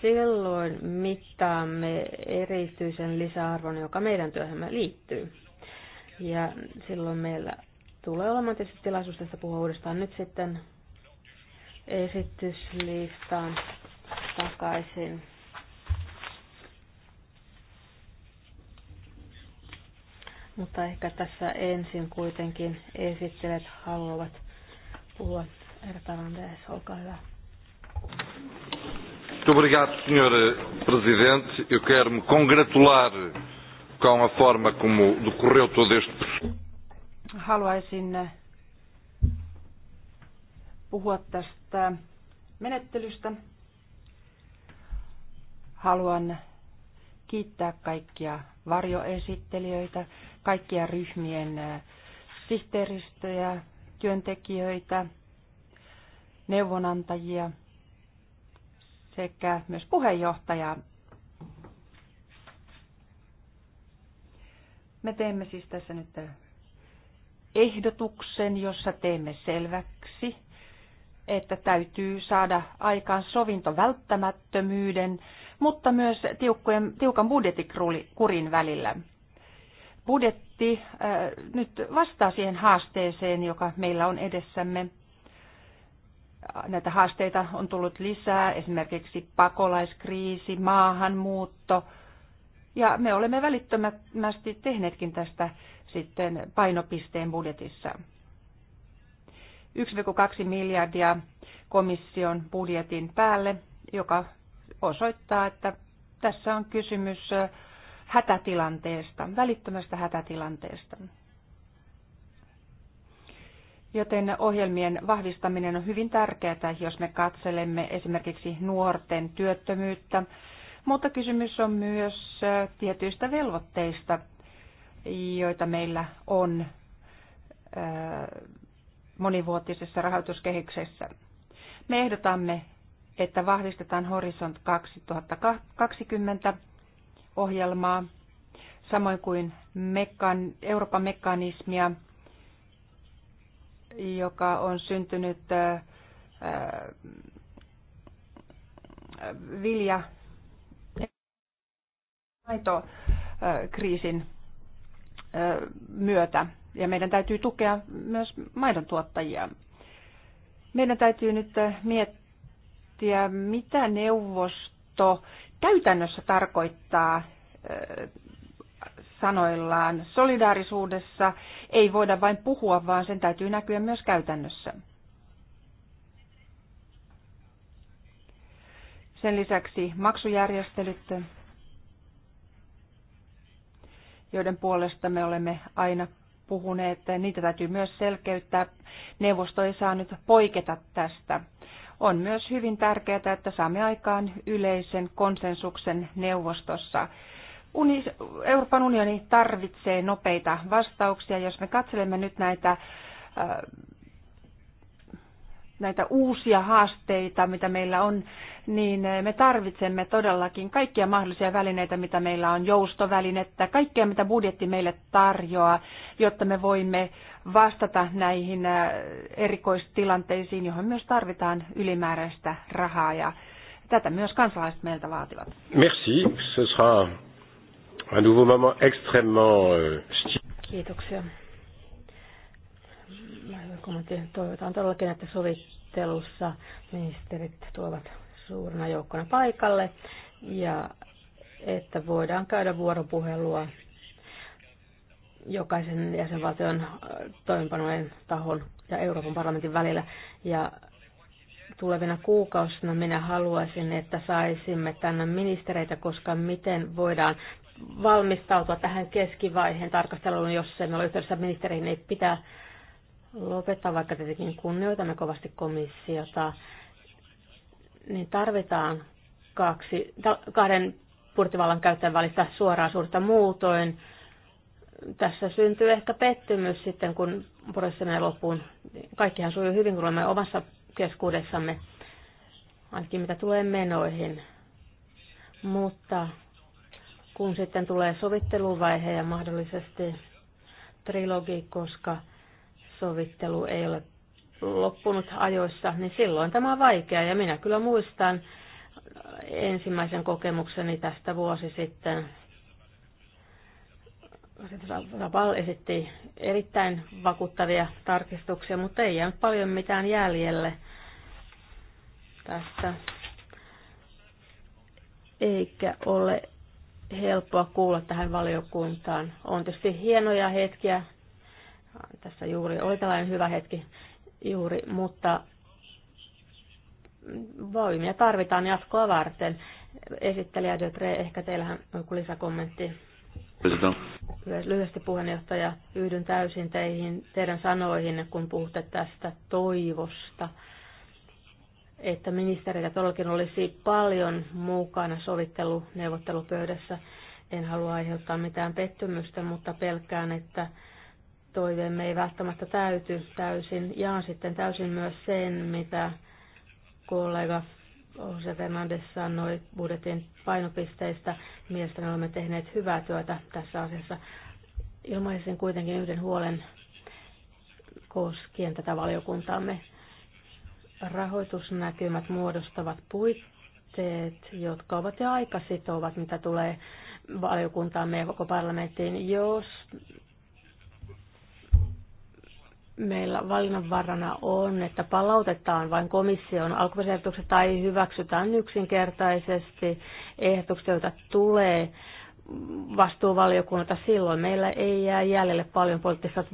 Silloin mittaamme erityisen lisäarvon, joka meidän työhömme liittyy. Ja silloin meillä tulee olemaan tietysti tilaisuus tästä puhua uudestaan nyt sitten esityslistaan takaisin. Mutta ehkä tässä ensin kuitenkin esittelet haluavat puhua. Ertarandes, olkaa hyvä. Muito obrigado, Sr. Eh, presidente. Eu quero me congratular eh, com a forma como decorreu todo este processo. Eh, puhua tästä menettelystä. Haluan kiittää kaikkia varjoesittelijöitä, kaikkia ryhmien sihteeristöjä, työntekijöitä, neuvonantajia sekä myös puheenjohtajaa. Me teemme siis tässä nyt ehdotuksen, jossa teemme selväksi, että täytyy saada aikaan sovinto välttämättömyyden mutta myös tiukkojen, tiukan budjettikurin välillä. Budjetti äh, nyt vastaa siihen haasteeseen, joka meillä on edessämme. Näitä haasteita on tullut lisää, esimerkiksi pakolaiskriisi, maahanmuutto, ja me olemme välittömästi tehneetkin tästä sitten painopisteen budjetissa. 1,2 miljardia komission budjetin päälle, joka osoittaa, että tässä on kysymys hätätilanteesta, välittömästä hätätilanteesta. Joten ohjelmien vahvistaminen on hyvin tärkeää, jos me katselemme esimerkiksi nuorten työttömyyttä, mutta kysymys on myös tietyistä velvoitteista, joita meillä on monivuotisessa rahoituskehyksessä. Me ehdotamme että vahvistetaan Horisont 2020 ohjelmaa, samoin kuin mekan, Euroopan mekanismia, joka on syntynyt ää, vilja kriisin myötä. Ja meidän täytyy tukea myös maidon tuottajia. Meidän täytyy nyt miettiä, miettiä, mitä neuvosto käytännössä tarkoittaa äh, sanoillaan. Solidaarisuudessa ei voida vain puhua, vaan sen täytyy näkyä myös käytännössä. Sen lisäksi maksujärjestelyt, joiden puolesta me olemme aina puhuneet, niitä täytyy myös selkeyttää. Neuvosto ei saa nyt poiketa tästä. On myös hyvin tärkeää, että saamme aikaan yleisen konsensuksen neuvostossa. Uni, Euroopan unioni tarvitsee nopeita vastauksia. Jos me katselemme nyt näitä äh, näitä uusia haasteita, mitä meillä on, niin me tarvitsemme todellakin kaikkia mahdollisia välineitä, mitä meillä on, joustovälinettä, kaikkea mitä budjetti meille tarjoaa, jotta me voimme vastata näihin äh, erikoistilanteisiin, johon myös tarvitaan ylimääräistä rahaa ja tätä myös kansalaiset meiltä vaativat. Merci, ce sera un nouveau moment extrêmement... Euh, Kiitoksia. Toivotaan todellakin, että sovittelussa ministerit tuovat suurena joukkona paikalle ja että voidaan käydä vuoropuhelua jokaisen jäsenvaltion äh, toimenpanojen tahon ja Euroopan parlamentin välillä. Ja tulevina kuukausina minä haluaisin, että saisimme tänne ministereitä, koska miten voidaan valmistautua tähän keskivaiheen tarkasteluun, jos emme ole yhteydessä ministeriin, niin pitää lopettaa, vaikka tietenkin kunnioitamme kovasti komissiota, niin tarvitaan kaksi, kahden purtivallan käyttäjän välistä suoraa suurta muutoin. Tässä syntyy ehkä pettymys sitten, kun prosessi menee loppuun. Kaikkihan sujuu hyvin, kun olemme omassa keskuudessamme, ainakin mitä tulee menoihin. Mutta kun sitten tulee sovitteluvaihe ja mahdollisesti trilogi, koska – sovittelu ei ole loppunut ajoissa, niin silloin tämä on vaikeaa. Ja minä kyllä muistan ensimmäisen kokemukseni tästä vuosi sitten. Raval esitti erittäin vakuuttavia tarkistuksia, mutta ei jäänyt paljon mitään jäljelle tästä. Eikä ole helppoa kuulla tähän valiokuntaan. On tietysti hienoja hetkiä tässä juuri oli tällainen hyvä hetki juuri, mutta voimia tarvitaan jatkoa varten. Esittelijä Dötre, ehkä teillähän on joku lisäkommentti. Lyhyesti puheenjohtaja, yhdyn täysin teihin, teidän sanoihin, kun puhutte tästä toivosta, että ministeriä todellakin olisi paljon mukana sovitteluneuvottelupöydässä. En halua aiheuttaa mitään pettymystä, mutta pelkään, että toiveemme ei välttämättä täyty täysin. Jaan sitten täysin myös sen, mitä kollega Jose Fernandes sanoi budjetin painopisteistä. Mielestäni olemme tehneet hyvää työtä tässä asiassa. Ilmaisin kuitenkin yhden huolen koskien tätä valiokuntaamme. Rahoitusnäkymät muodostavat puitteet, jotka ovat jo aika sitovat, mitä tulee valiokuntaamme ja koko parlamenttiin. Jos meillä valinnanvarana on, että palautetaan vain komission alkuperäisehdotukset tai hyväksytään yksinkertaisesti ehdotukset, joita tulee vastuuvaliokunnalta silloin. Meillä ei jää jäljelle paljon poliittista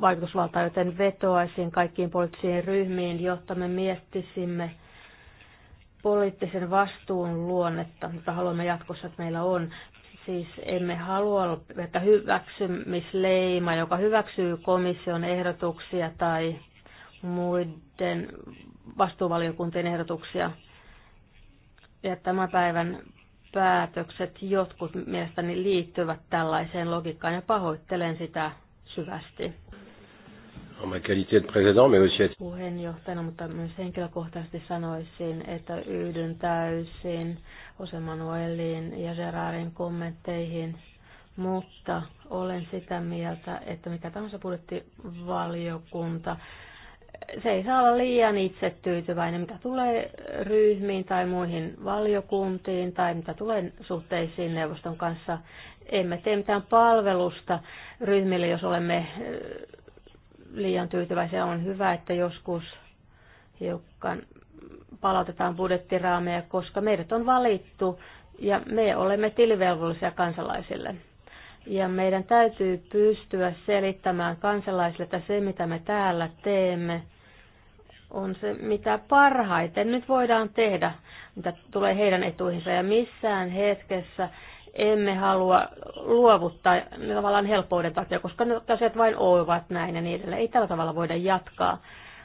vaikutusvaltaa, joten vetoaisin kaikkiin poliittisiin ryhmiin, jotta me miettisimme poliittisen vastuun luonnetta, jota haluamme jatkossa, että meillä on. Siis emme halua, että hyväksymisleima, joka hyväksyy komission ehdotuksia tai muiden vastuuvaliokuntien ehdotuksia. Ja tämän päivän päätökset jotkut mielestäni liittyvät tällaiseen logiikkaan ja pahoittelen sitä syvästi oma qualité de président, mais aussi... Puheenjohtajana, mutta myös henkilökohtaisesti sanoisin, että yhdyn täysin Jose Manuelin ja Gerardin kommentteihin, mutta olen sitä mieltä, että mikä tahansa budjettivaliokunta, se ei saa olla liian itsetyytyväinen, mitä tulee ryhmiin tai muihin valiokuntiin tai mitä tulee suhteisiin neuvoston kanssa. Emme tee mitään palvelusta ryhmille, jos olemme liian tyytyväisiä. On hyvä, että joskus hiukan palautetaan budjettiraameja, koska meidät on valittu ja me olemme tilivelvollisia kansalaisille. Ja meidän täytyy pystyä selittämään kansalaisille, että se mitä me täällä teemme, on se mitä parhaiten nyt voidaan tehdä, mitä tulee heidän etuihinsa. Ja missään hetkessä emme halua luovuttaa tavallaan helpouden takia, koska ne asiat vain ovat näin ja niin edelleen. Ei tällä tavalla voida jatkaa.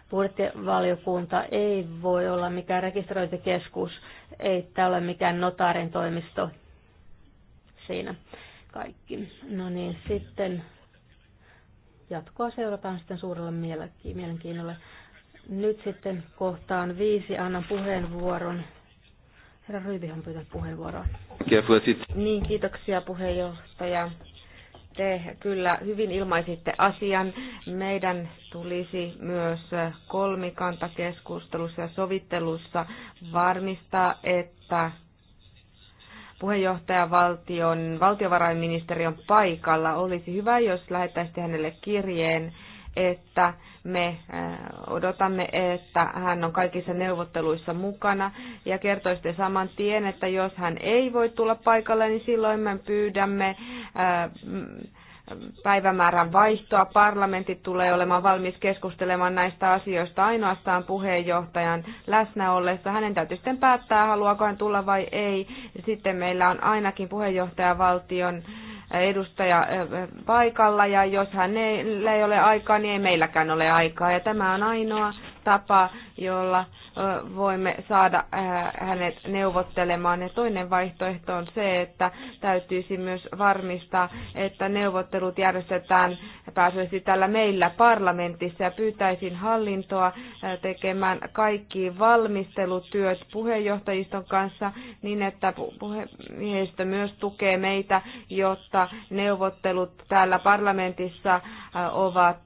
Budjettivaliokunta ei voi olla mikään rekisteröintikeskus, ei tämä ole mikään notaarin toimisto. Siinä kaikki. No niin, sitten jatkoa seurataan sitten suurella mielenkiinnolla. Nyt sitten kohtaan viisi annan puheenvuoron Herra Ryyvihan pyytää puheenvuoroa. Niin, kiitoksia puheenjohtaja. Te kyllä hyvin ilmaisitte asian. Meidän tulisi myös kolmikantakeskustelussa ja sovittelussa varmistaa, että puheenjohtaja valtion, valtiovarainministeriön paikalla. Olisi hyvä, jos lähettäisitte hänelle kirjeen, että me äh, odotamme, että hän on kaikissa neuvotteluissa mukana ja kertoisitte saman tien, että jos hän ei voi tulla paikalle, niin silloin me pyydämme äh, päivämäärän vaihtoa. Parlamentti tulee olemaan valmis keskustelemaan näistä asioista ainoastaan puheenjohtajan läsnä ollessa. Hänen täytyy sitten päättää, haluaako hän tulla vai ei. Sitten meillä on ainakin puheenjohtajavaltion edustaja paikalla ja jos hänellä ei ole aikaa, niin ei meilläkään ole aikaa. Ja tämä on ainoa tapa jolla voimme saada hänet neuvottelemaan. Ja toinen vaihtoehto on se, että täytyisi myös varmistaa, että neuvottelut järjestetään pääsylisesti tällä meillä parlamentissa ja pyytäisin hallintoa tekemään kaikki valmistelutyöt puheenjohtajiston kanssa niin, että puhemiehistö myös tukee meitä, jotta neuvottelut täällä parlamentissa ovat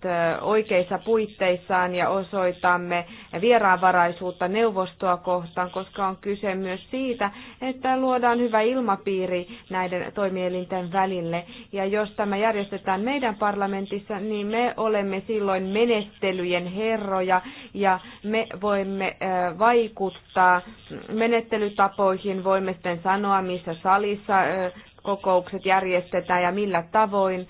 oikeissa puitteissaan ja osoitamme vieraille vieraanvaraisuutta neuvostoa kohtaan, koska on kyse myös siitä, että luodaan hyvä ilmapiiri näiden toimielinten välille. Ja jos tämä järjestetään meidän parlamentissa, niin me olemme silloin menettelyjen herroja ja me voimme vaikuttaa menettelytapoihin, voimme sitten sanoa, missä salissa kokoukset järjestetään ja millä tavoin.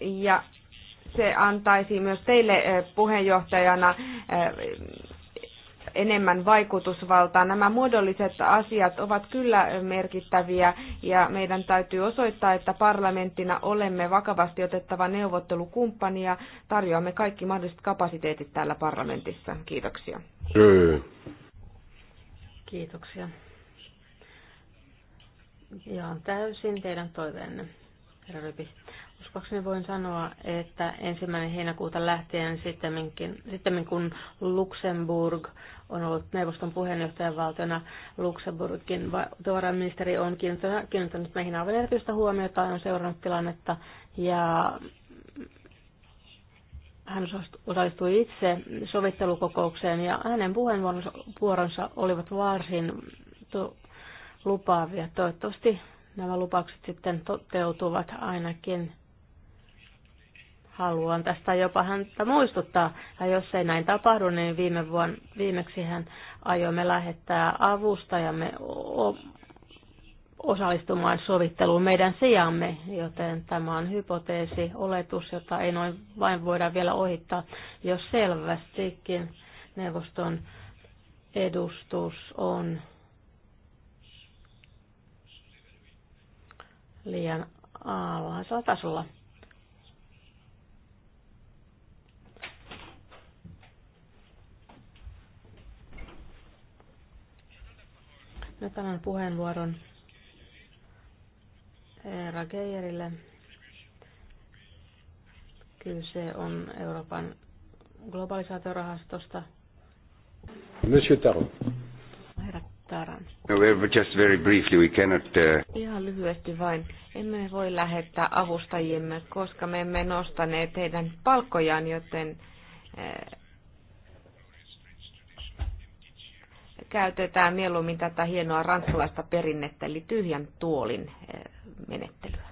Ja se antaisi myös teille eh, puheenjohtajana eh, enemmän vaikutusvaltaa. Nämä muodolliset asiat ovat kyllä merkittäviä ja meidän täytyy osoittaa, että parlamenttina olemme vakavasti otettava neuvottelukumppani ja tarjoamme kaikki mahdolliset kapasiteetit täällä parlamentissa. Kiitoksia. Kiitoksia. Ja on täysin teidän toiveenne, herra Uskoakseni voin sanoa, että ensimmäinen heinäkuuta lähtien sitten kun Luxemburg on ollut neuvoston puheenjohtajavaltiona, Luxemburgin tuoreministeri on kiinnittänyt meihin aivan erityistä huomiota, on seurannut tilannetta ja hän osallistui itse sovittelukokoukseen ja hänen puheenvuoronsa olivat varsin lupaavia. Toivottavasti nämä lupaukset sitten toteutuvat ainakin Haluan tästä jopa häntä muistuttaa, ja jos ei näin tapahdu, niin viime vuon, viimeksi hän aiomme lähettää avustajamme osallistumaan sovitteluun meidän sijamme, joten tämä on hypoteesi, oletus, jota ei noin vain voida vielä ohittaa, jos selvästikin neuvoston edustus on liian alhaisella tasolla. Nyt annan puheenvuoron Eera Geijerille. Kyse on Euroopan globalisaatiorahastosta. Monsieur Taron. Herra Taran. No, just very briefly, we cannot, uh... Ihan lyhyesti vain. Emme voi lähettää avustajimme, koska me emme nostaneet heidän palkkojaan, joten uh, käytetään mieluummin tätä hienoa ranskalaista perinnettä, eli tyhjän tuolin eh, menettelyä.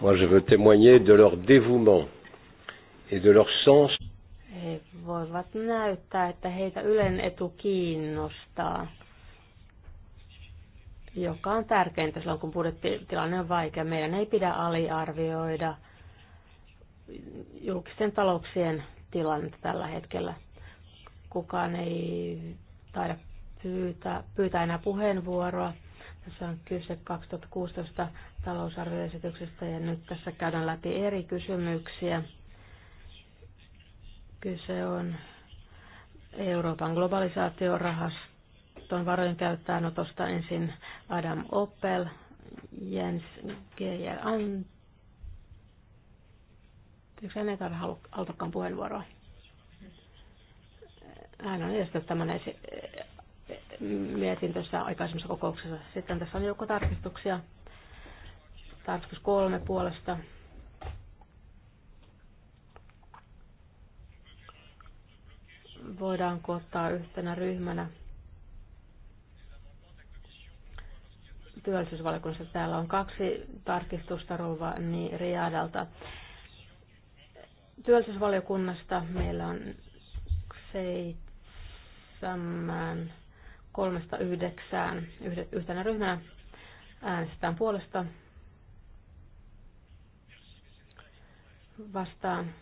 Moi, je veux témoigner de leur dévouement et de leur sens. He voivat näyttää, että heitä Ylen etu kiinnostaa, joka on tärkeintä silloin, kun budjettitilanne on vaikea. Meidän ei pidä aliarvioida – julkisten talouksien tilanne tällä hetkellä. Kukaan ei taida pyytää, pyytää enää puheenvuoroa. Tässä on kyse 2016 talousarvioesityksestä ja nyt tässä käydään läpi eri kysymyksiä. Kyse on Euroopan globalisaatiorahaston varojen käyttäjänotosta ensin Adam Opel, Jens G. Ant Anteeksi, en tarvitse halua puheenvuoroa. Hän on edes tämmöinen mietin tuossa aikaisemmassa kokouksessa. Sitten tässä on joukko tarkistuksia. Tarkistus kolme puolesta. Voidaanko ottaa yhtenä ryhmänä työllisyysvaliokunnassa täällä on kaksi tarkistusta Rouva niin Riadalta Työllisyysvaliokunnasta meillä on seitsemän kolmesta yhdeksään yhtenä ryhmänä äänestetään puolesta vastaan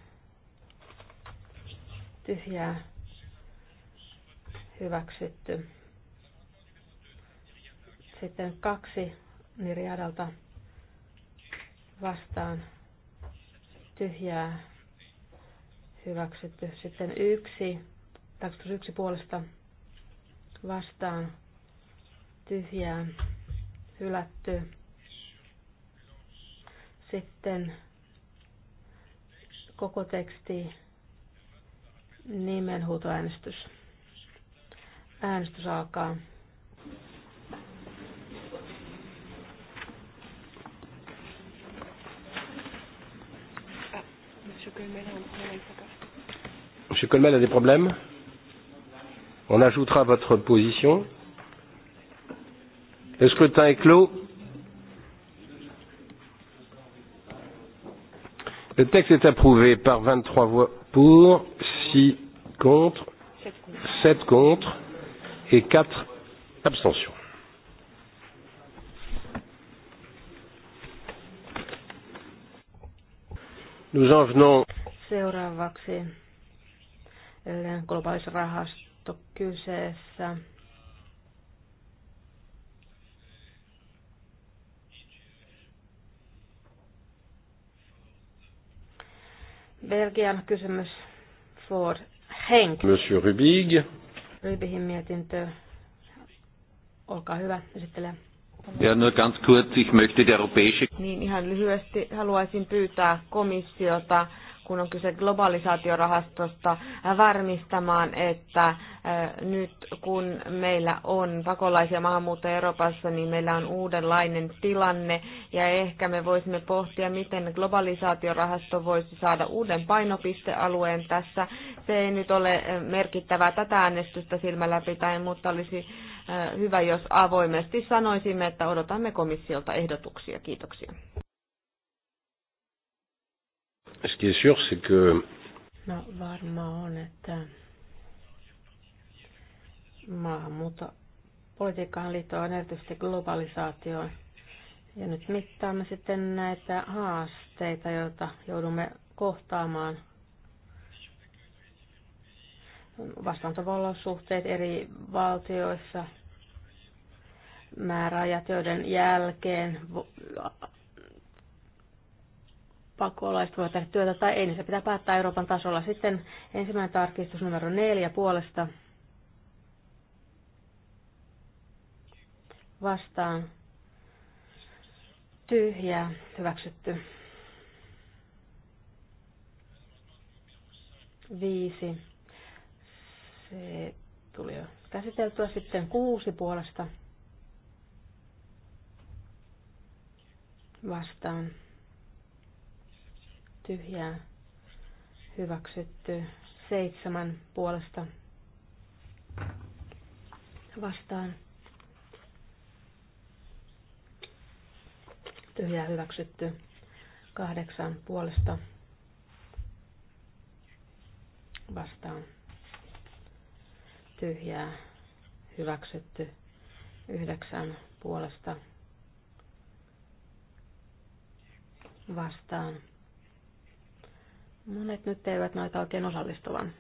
tyhjää hyväksytty. Sitten kaksi Miriadalta vastaan tyhjää hyväksytty. Sitten yksi, tarkistus yksi puolesta vastaan tyhjää hylätty. Sitten koko teksti nimenhuutoäänestys. Äänestys alkaa. Ah, monsieur Colmel, on Monsieur Colmel a des problèmes On ajoutera votre position. Le scrutin est clos. Le texte est approuvé par 23 voix pour, 6 contre, 7 contre et 4 abstentions. Nous en venons. Seuraavaksi globaalisuusrahasto kyseessä. Belgian kysymys for Henk. Monsieur Rubig. Rubigin mietintö. Olkaa hyvä, esittelee. Ja nur ganz kurz, ich möchte die europäische... Niin ihan lyhyesti haluaisin pyytää komissiota kun on kyse globalisaatiorahastosta, varmistamaan, että nyt kun meillä on pakolaisia maahanmuuttoja Euroopassa, niin meillä on uudenlainen tilanne ja ehkä me voisimme pohtia, miten globalisaatiorahasto voisi saada uuden painopistealueen tässä. Se ei nyt ole merkittävää tätä äänestystä silmällä pitäen, mutta olisi hyvä, jos avoimesti sanoisimme, että odotamme komissiolta ehdotuksia. Kiitoksia. Ce qui est sûr, c'est que... No varmaa on, että maahanmuuttopolitiikkaan erityisesti globalisaatioon. Ja nyt mittaamme sitten näitä haasteita, joita joudumme kohtaamaan. Vastaantovallosuhteet eri valtioissa, määräajat, joiden jälkeen pakolaiset voivat tehdä työtä tai ei, niin se pitää päättää Euroopan tasolla. Sitten ensimmäinen tarkistus numero neljä puolesta vastaan tyhjä hyväksytty. Viisi. Se tuli jo käsiteltyä sitten kuusi puolesta vastaan tyhjää hyväksytty seitsemän puolesta vastaan tyhjää hyväksytty kahdeksan puolesta vastaan tyhjää hyväksytty yhdeksän puolesta vastaan Monet nyt eivät näitä oikein osallistuvan.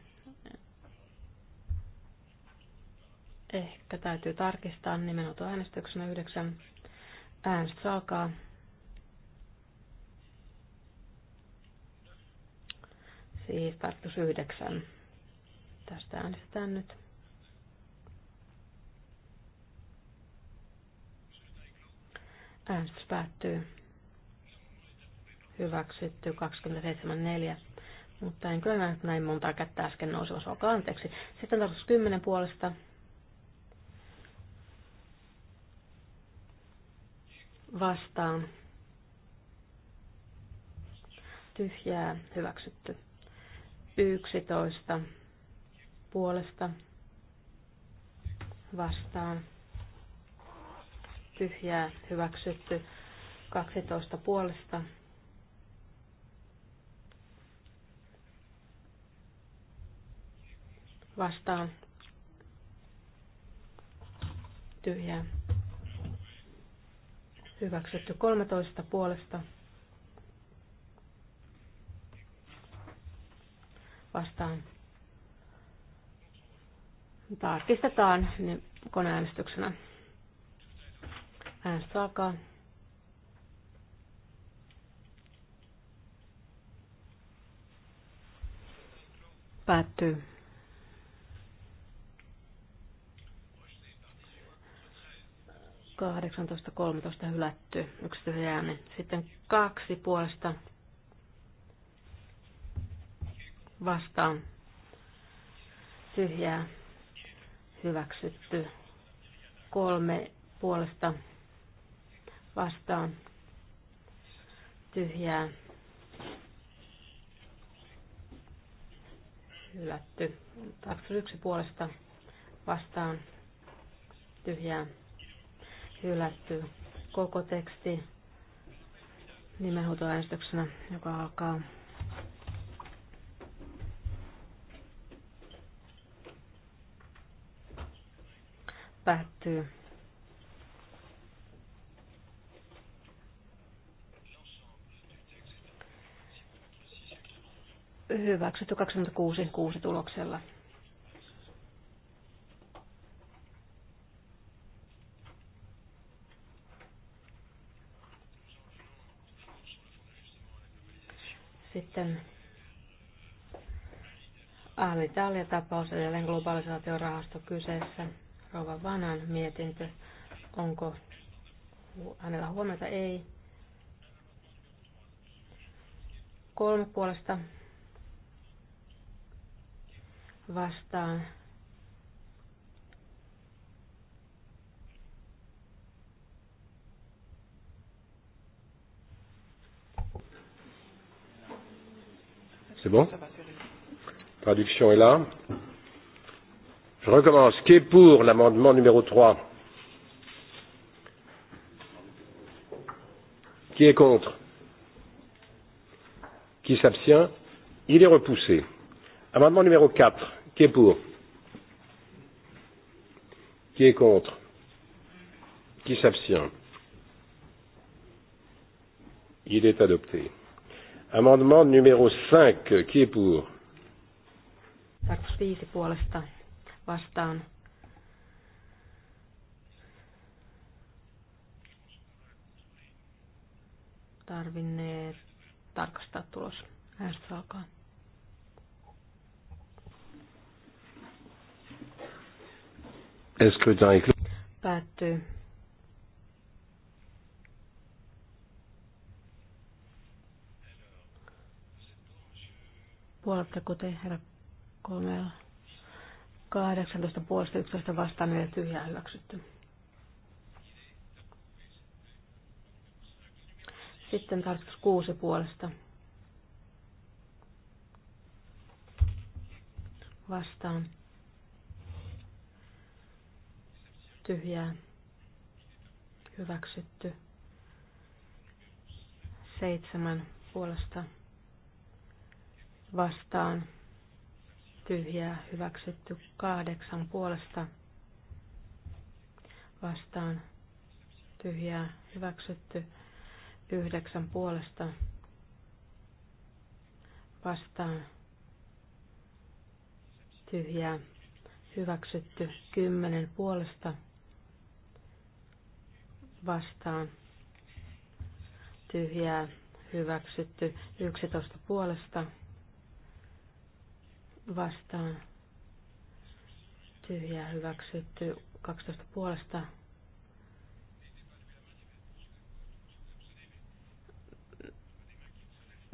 Ehkä täytyy tarkistaa äänestyksenä yhdeksän. Äänestys alkaa. Siis tarkistus yhdeksän. Tästä äänestetään nyt. Äänestys päättyy. Hyväksytty 27.4. Mutta en kyllä nähnyt näin montaa kättä äsken nousemassa, olkaa anteeksi. Sitten tarkoitus 10 puolesta. Vastaan. Tyhjää, hyväksytty. 11 puolesta. Vastaan. Tyhjää, hyväksytty. 12 puolesta vastaan tyhjää. Hyväksytty 13 puolesta vastaan. Tarkistetaan niin koneäänestyksenä. Äänestys alkaa. Päättyy. 18.13 hylätty, yksi tyhjä Sitten kaksi puolesta vastaan tyhjää hyväksytty. Kolme puolesta vastaan tyhjää hylätty. Taksus yksi puolesta vastaan tyhjää hylätty koko teksti nimenhuutoäänestyksenä, joka alkaa. Päättyy. Hyväksytty 26.6 tuloksella. Sitten Ahmitalia-tapaus, edelleen globalisaatiorahasto kyseessä. Rova Vanan mietintö, onko hänellä huomiota ei. Kolme puolesta vastaan C'est bon Traduction est là. Je recommence. Qui est pour l'amendement numéro 3 Qui est contre Qui s'abstient Il est repoussé. Amendement numéro 4. Qui est pour Qui est contre Qui s'abstient Il est adopté. Amendement numéro 5, qui est pour? Tarkoitus 5 puolesta vastaan. Tarvinnee tarkastaa tulos. Äänestys alkaa. Päättyy. puolesta, kuten herra Komel. 18 puolesta 11 vastaan ja tyhjää hyväksytty. Sitten tarkoitus 6 puolesta. Vastaan. Tyhjää. Hyväksytty. Seitsemän puolesta vastaan tyhjää hyväksytty kahdeksan puolesta vastaan tyhjää hyväksytty yhdeksän puolesta vastaan tyhjää hyväksytty kymmenen puolesta vastaan tyhjää hyväksytty yksitoista puolesta vastaan tyhjää hyväksytty 12 puolesta.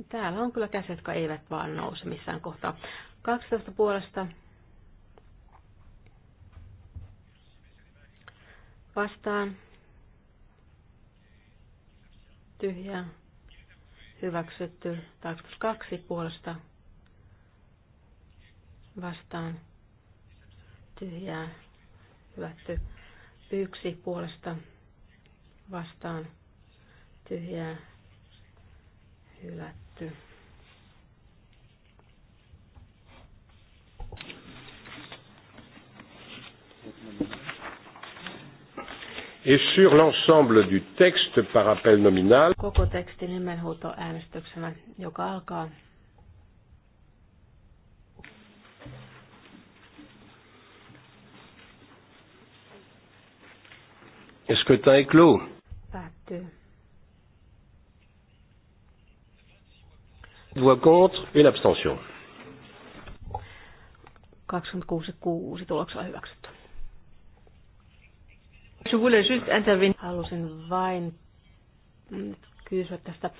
Täällä on kyllä käsiä, jotka eivät vaan nouse missään kohtaa. 12 puolesta vastaan tyhjää hyväksytty 22 puolesta vastaan tyhjää hylätty. Yksi puolesta vastaan tyhjää hylätty. Et sur l'ensemble du texte par appel nominal. Koko teksti äänestyksenä, joka alkaa Le scrutin est clos. Päättyy. Voix contre, une abstention. 26.6 tuloksella hyväksytty. Halusin vain kysyä tästä.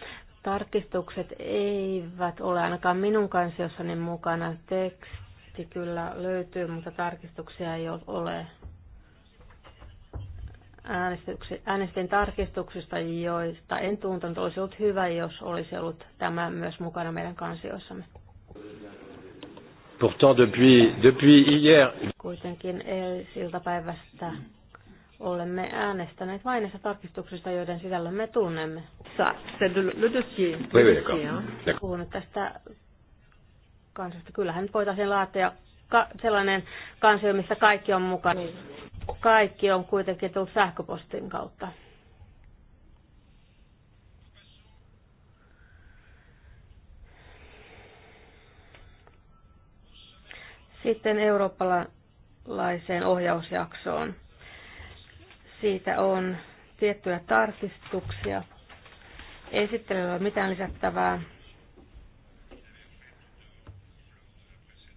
Tarkistukset eivät ole ainakaan minun kansiossani mukana. Teksti kyllä löytyy, mutta tarkistuksia ei ole äänesten tarkistuksista, joista en tuntunut. Olisi ollut hyvä, jos olisi ollut tämä myös mukana meidän kansioissamme. Pourtant, depuis, depuis hier... Kuitenkin siltapäivästä olemme äänestäneet vain näistä tarkistuksista, joiden sisällä me tunnemme. Ça, c'est le dossier. Oui, oui, d'accord. Puhun nyt tästä kansasta. Kyllähän nyt voitaisiin laatia ka- sellainen kansio, missä kaikki on mukana. Niin. Kaikki on kuitenkin tullut sähköpostin kautta. Sitten eurooppalaiseen ohjausjaksoon. Siitä on tiettyjä tarkistuksia. Esittelyllä ei ole mitään lisättävää.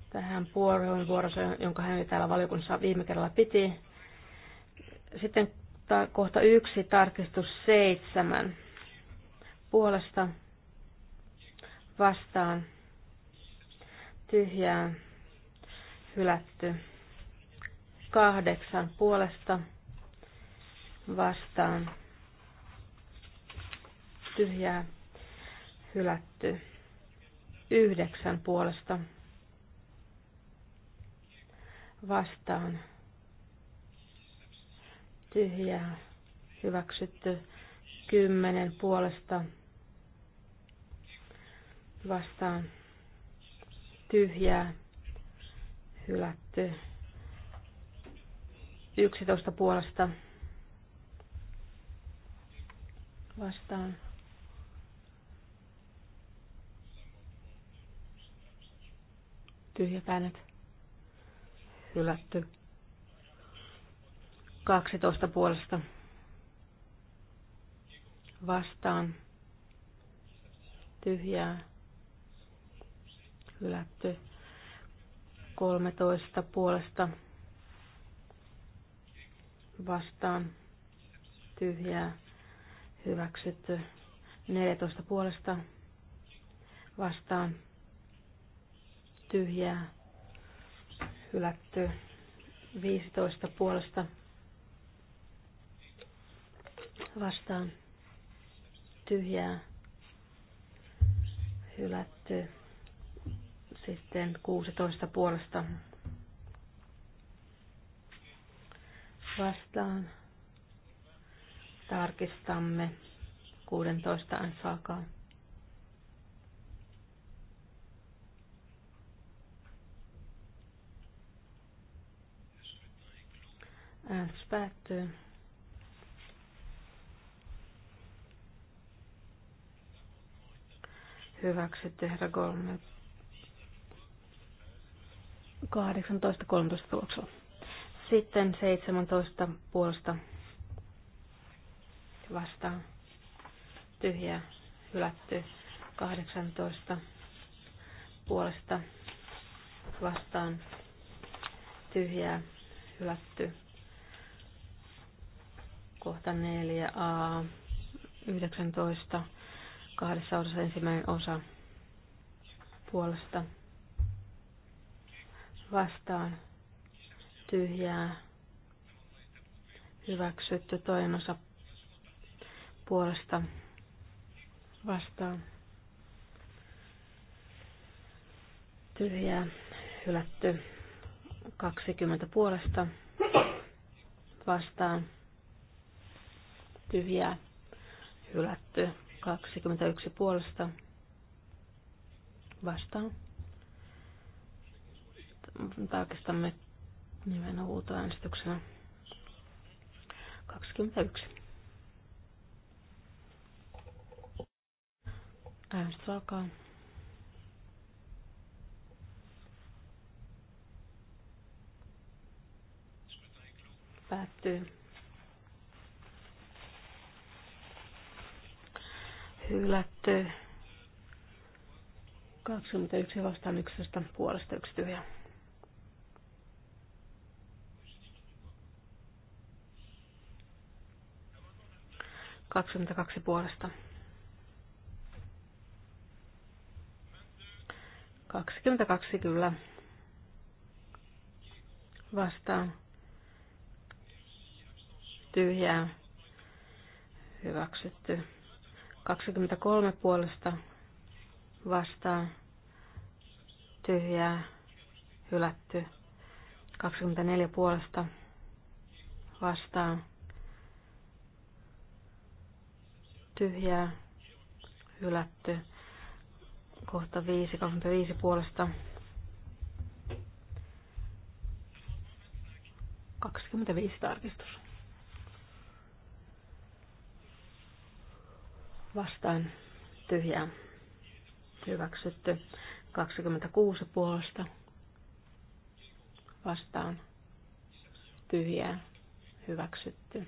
tähän vuorossa, jonka hän täällä valiokunnassa viime kerralla piti. Sitten kohta yksi, tarkistus seitsemän. Puolesta vastaan tyhjää hylätty. Kahdeksan puolesta vastaan tyhjää hylätty. Yhdeksän puolesta vastaan tyhjää hyväksytty. Kymmenen puolesta vastaan tyhjää hylätty. yksitoista puolesta vastaan. Tyhjäpäinet. Hylätty. 12 puolesta vastaan tyhjää hylätty 13 puolesta vastaan tyhjää hyväksytty 14 puolesta vastaan tyhjää hylätty 15 puolesta vastaan vastaan tyhjää hylätty. Sitten 16 puolesta vastaan tarkistamme 16 saakaa. Äänestys päättyy. hyväksytty herra kolme. 18-13 tuloksella. Sitten 17 puolesta vastaan tyhjä hylätty 18 puolesta vastaan Tyhjä, hylätty kohta 4a 19 kahdessa osassa ensimmäinen osa puolesta vastaan tyhjää hyväksytty toinen osa puolesta vastaan tyhjää hylätty 20 puolesta vastaan tyhjää hylätty 21 puolesta vastaan. Tarkistamme nimen huutoäänestyksenä. 21. Äänestys alkaa. Päättyy. hylätty. 21 vastaan 11 puolesta yksi tyhjä. kaksi puolesta. 22 kyllä vastaan tyhjää hyväksytty. 23 puolesta vastaan tyhjää hylätty. 24 puolesta vastaan tyhjää hylätty. Kohta 5, 25 puolesta 25 tarkistus. vastaan tyhjää hyväksytty. 26 puolesta vastaan tyhjää hyväksytty.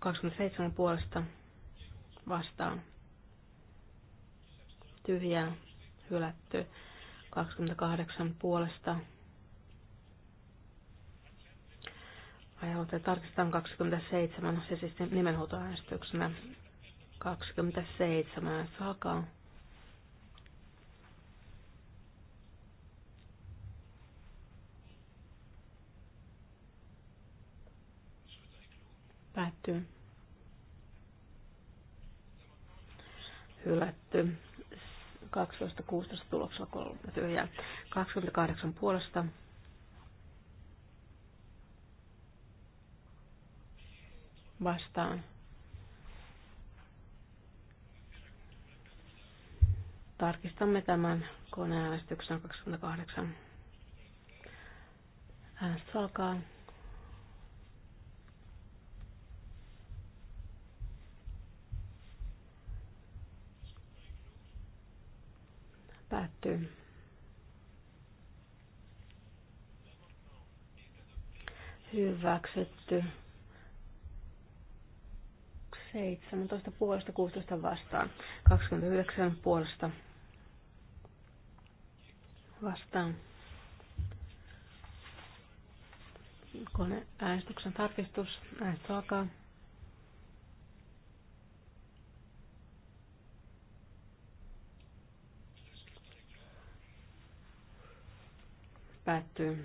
27 puolesta vastaan tyhjää hylätty. 28 puolesta aiheuttaja tarkistetaan 27, se siis nimenhuutoäänestyksenä 27 saka. Päättyy. Hylätty. 12.16 tuloksella kolme tyhjää. 28 puolesta. Vastaan. Tarkistamme tämän koneäänestyksen 28. Äänestys alkaa. Päättyy. Hyväksytty. 17 puolesta 16 vastaan. 29 puolesta vastaan. Kone äänestyksen tarkistus. Äänestys alkaa. Päättyy.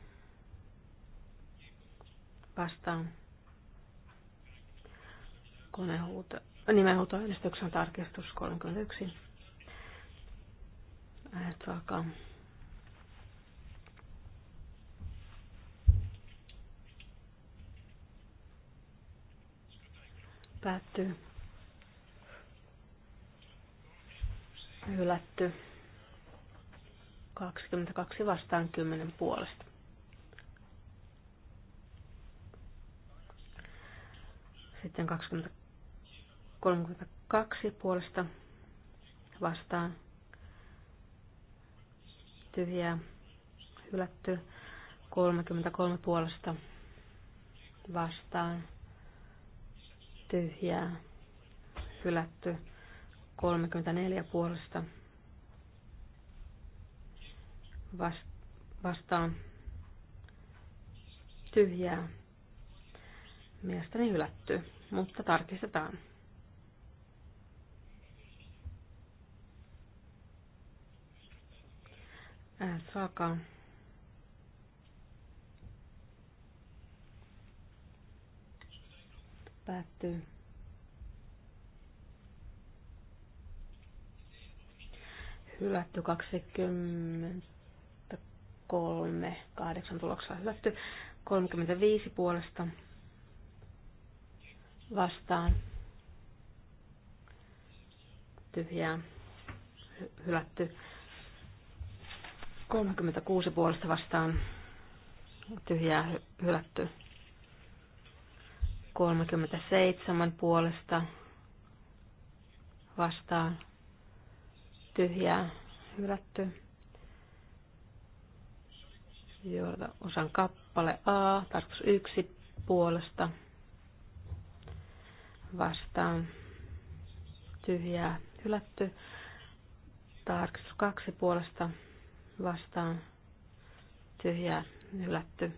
vastaan. Konehuuto, nimenhuutoäänestyksen tarkistus 31. Äänestys alkaa. Päättyy. Hylätty. 22 vastaan 10 puolesta. Sitten 32 puolesta vastaan tyhjää hylätty. 33 puolesta vastaan tyhjää hylätty. 34 puolesta vastaan tyhjää Mielestäni hylätty, mutta tarkistetaan. Äänestys alkaa. Päättyy. Hylätty 23, 8 tuloksella hylätty, 35 puolesta vastaan tyhjää hylätty. 36 puolesta vastaan tyhjää hylätty. 37 puolesta vastaan tyhjää hylätty. Osan kappale A, tarkoitus yksi puolesta vastaan tyhjää hylätty. Tarkistus kaksi puolesta vastaan tyhjää hylätty.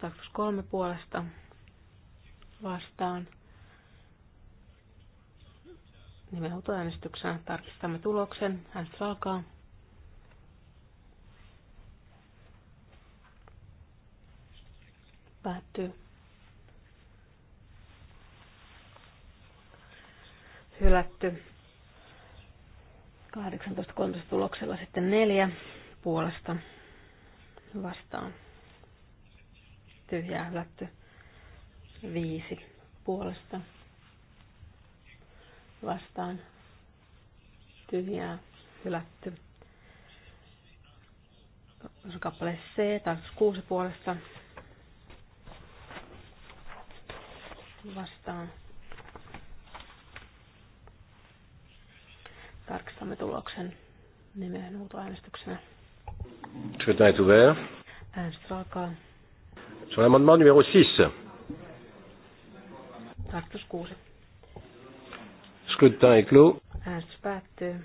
Tarkistus kolme puolesta vastaan nimenhuutoäänestyksenä tarkistamme tuloksen. Äänestys alkaa. Päättyy. hylätty. 18.13 tuloksella sitten neljä puolesta vastaan. Tyhjää hylätty. Viisi puolesta vastaan. Tyhjää hylätty. Kappale C, taas kuusi puolesta vastaan Tarkistamme tuloksen nimen huutoäänestyksenä. Scrutin est ouvert. Äänestys alkaa. Sur l'amendement numéro 6. Tarkistus 6. Scrutin est clos. Äänestys päättyy.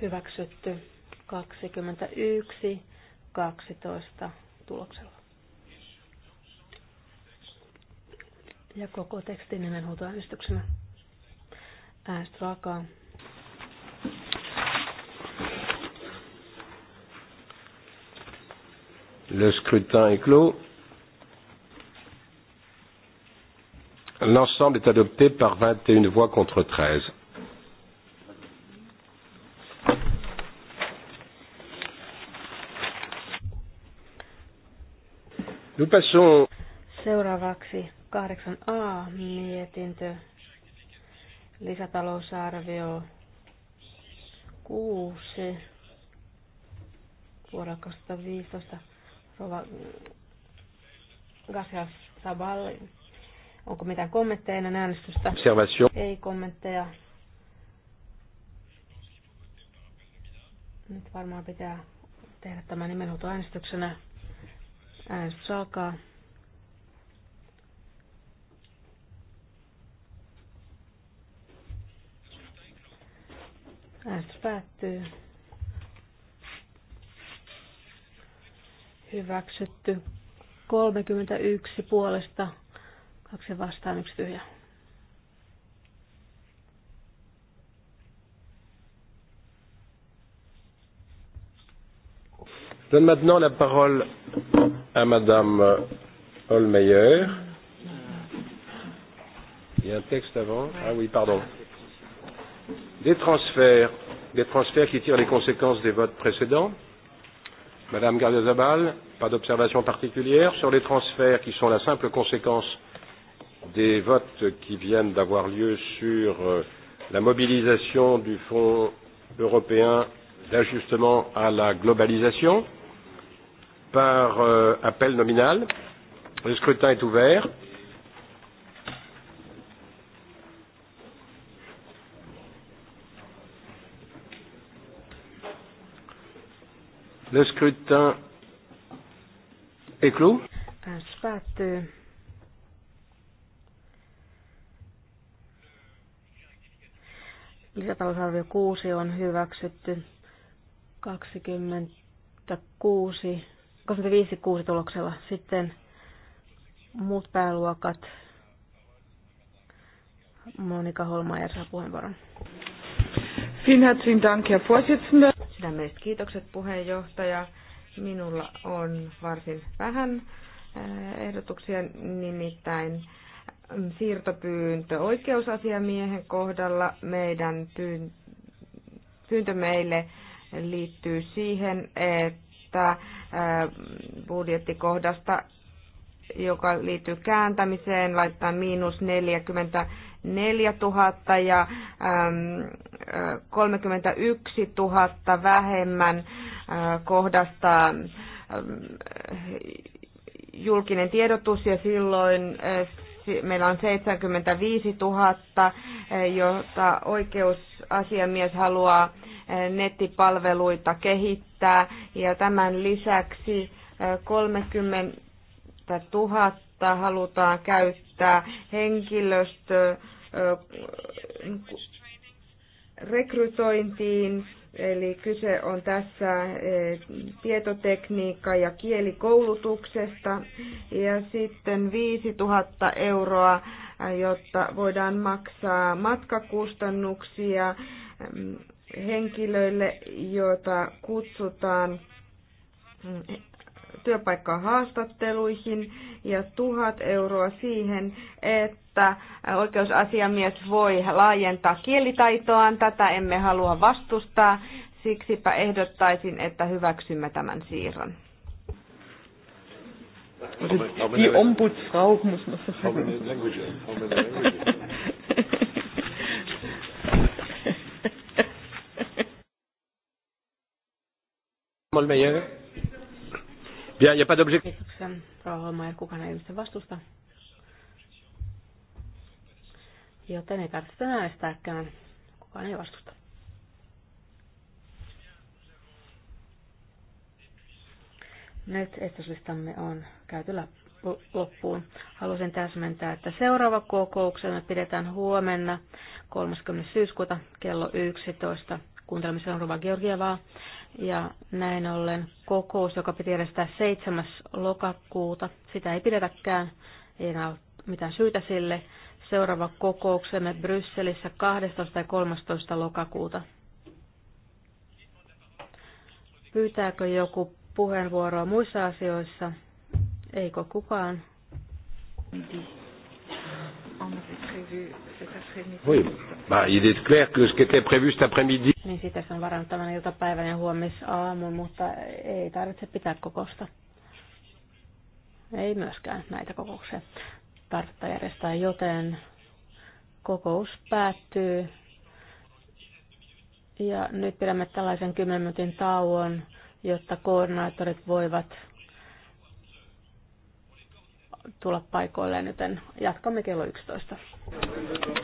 Hyväksytty 21, 12 tuloksella. Ja koko teksti nimenhuutoäänestyksenä. Äänestys alkaa. Le scrutin est clos. L'ensemble est adopté par 21 voix contre 13. Nous passons. Seuraavaksi 8a mietintö Lisätalousarvio 6 vuonna 2015 Rova Garcia Sabal. Onko mitään kommentteja ennen äänestystä? Ei kommentteja. Nyt varmaan pitää tehdä tämä nimenhuutoäänestyksenä. Äänestys alkaa. Äänestys päättyy. Hyväksytty. 31 puolesta, kaksi vastaan, yksi tyhjä. Donne maintenant la parole à Madame Holmeyer. Il y a un texte avant. Ah oui, pardon des transferts, des transferts qui tirent les conséquences des votes précédents. Madame Gardezabal, pas d'observation particulière sur les transferts qui sont la simple conséquence des votes qui viennent d'avoir lieu sur euh, la mobilisation du Fonds européen d'ajustement à la globalisation par euh, appel nominal. Le scrutin est ouvert. Le scrutin est clos. Un spat. Lisätalousarvio 6 on hyväksytty 26, 25 6 tuloksella. Sitten muut pääluokat. Monika Holma ja saa puheenvuoron. Vielen herzlichen Dank, Herr Vorsitzender. Sydämelliset kiitokset puheenjohtaja. Minulla on varsin vähän eh, ehdotuksia, nimittäin mm, siirtopyyntö oikeusasiamiehen kohdalla. Meidän pyyntö meille liittyy siihen, että eh, budjettikohdasta, joka liittyy kääntämiseen, laittaa miinus 44 000 ja mm, eh, 31 000 vähemmän äh, kohdasta ähm, julkinen tiedotus ja silloin äh, meillä on 75 000, äh, jota oikeusasiamies haluaa nettipalveluita kehittää ja tämän lisäksi 30 000 halutaan käyttää henkilöstö rekrytointiin, eli kyse on tässä eh, tietotekniikka- ja kielikoulutuksesta, ja sitten 5000 euroa, eh, jotta voidaan maksaa matkakustannuksia mm, henkilöille, joita kutsutaan mm, työpaikkaa haastatteluihin ja tuhat euroa siihen, että oikeusasiamies voi laajentaa kielitaitoaan. Tätä emme halua vastustaa, siksipä ehdottaisin, että hyväksymme tämän siirron. Also die er- Ombudsfrau muss man er sagen. Ja, ja n'y kukaan ei ilmeisesti vastusta. Joten ei tarvitse estääkään. Kukaan ei vastusta. Nyt estoslistamme on käyty loppuun. Haluaisin täsmentää, että seuraava kokouksemme pidetään huomenna 30. syyskuuta kello 11. Kuuntelemme seuraavaa Georgievaa. Ja näin ollen kokous, joka piti järjestää 7. lokakuuta, sitä ei pidetäkään, ei enää ole mitään syytä sille. Seuraava kokouksemme Brysselissä 12. ja 13. lokakuuta. Pyytääkö joku puheenvuoroa muissa asioissa? Eikö kukaan? Kiitos. Mm-hmm. Oui, bah, il est clair que ce qui était prévu cet après-midi. Niin sitä on varannut tämän iltapäivän ja huomisaamu, mutta ei tarvitse pitää kokousta. Ei myöskään näitä kokouksia tarvitse järjestää, joten kokous päättyy. Ja nyt pidämme tällaisen 10 minuutin tauon, jotta koordinaattorit voivat tulla paikoilleen, joten jatkamme kello 11.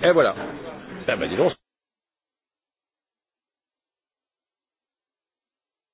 Ei voida. Tämä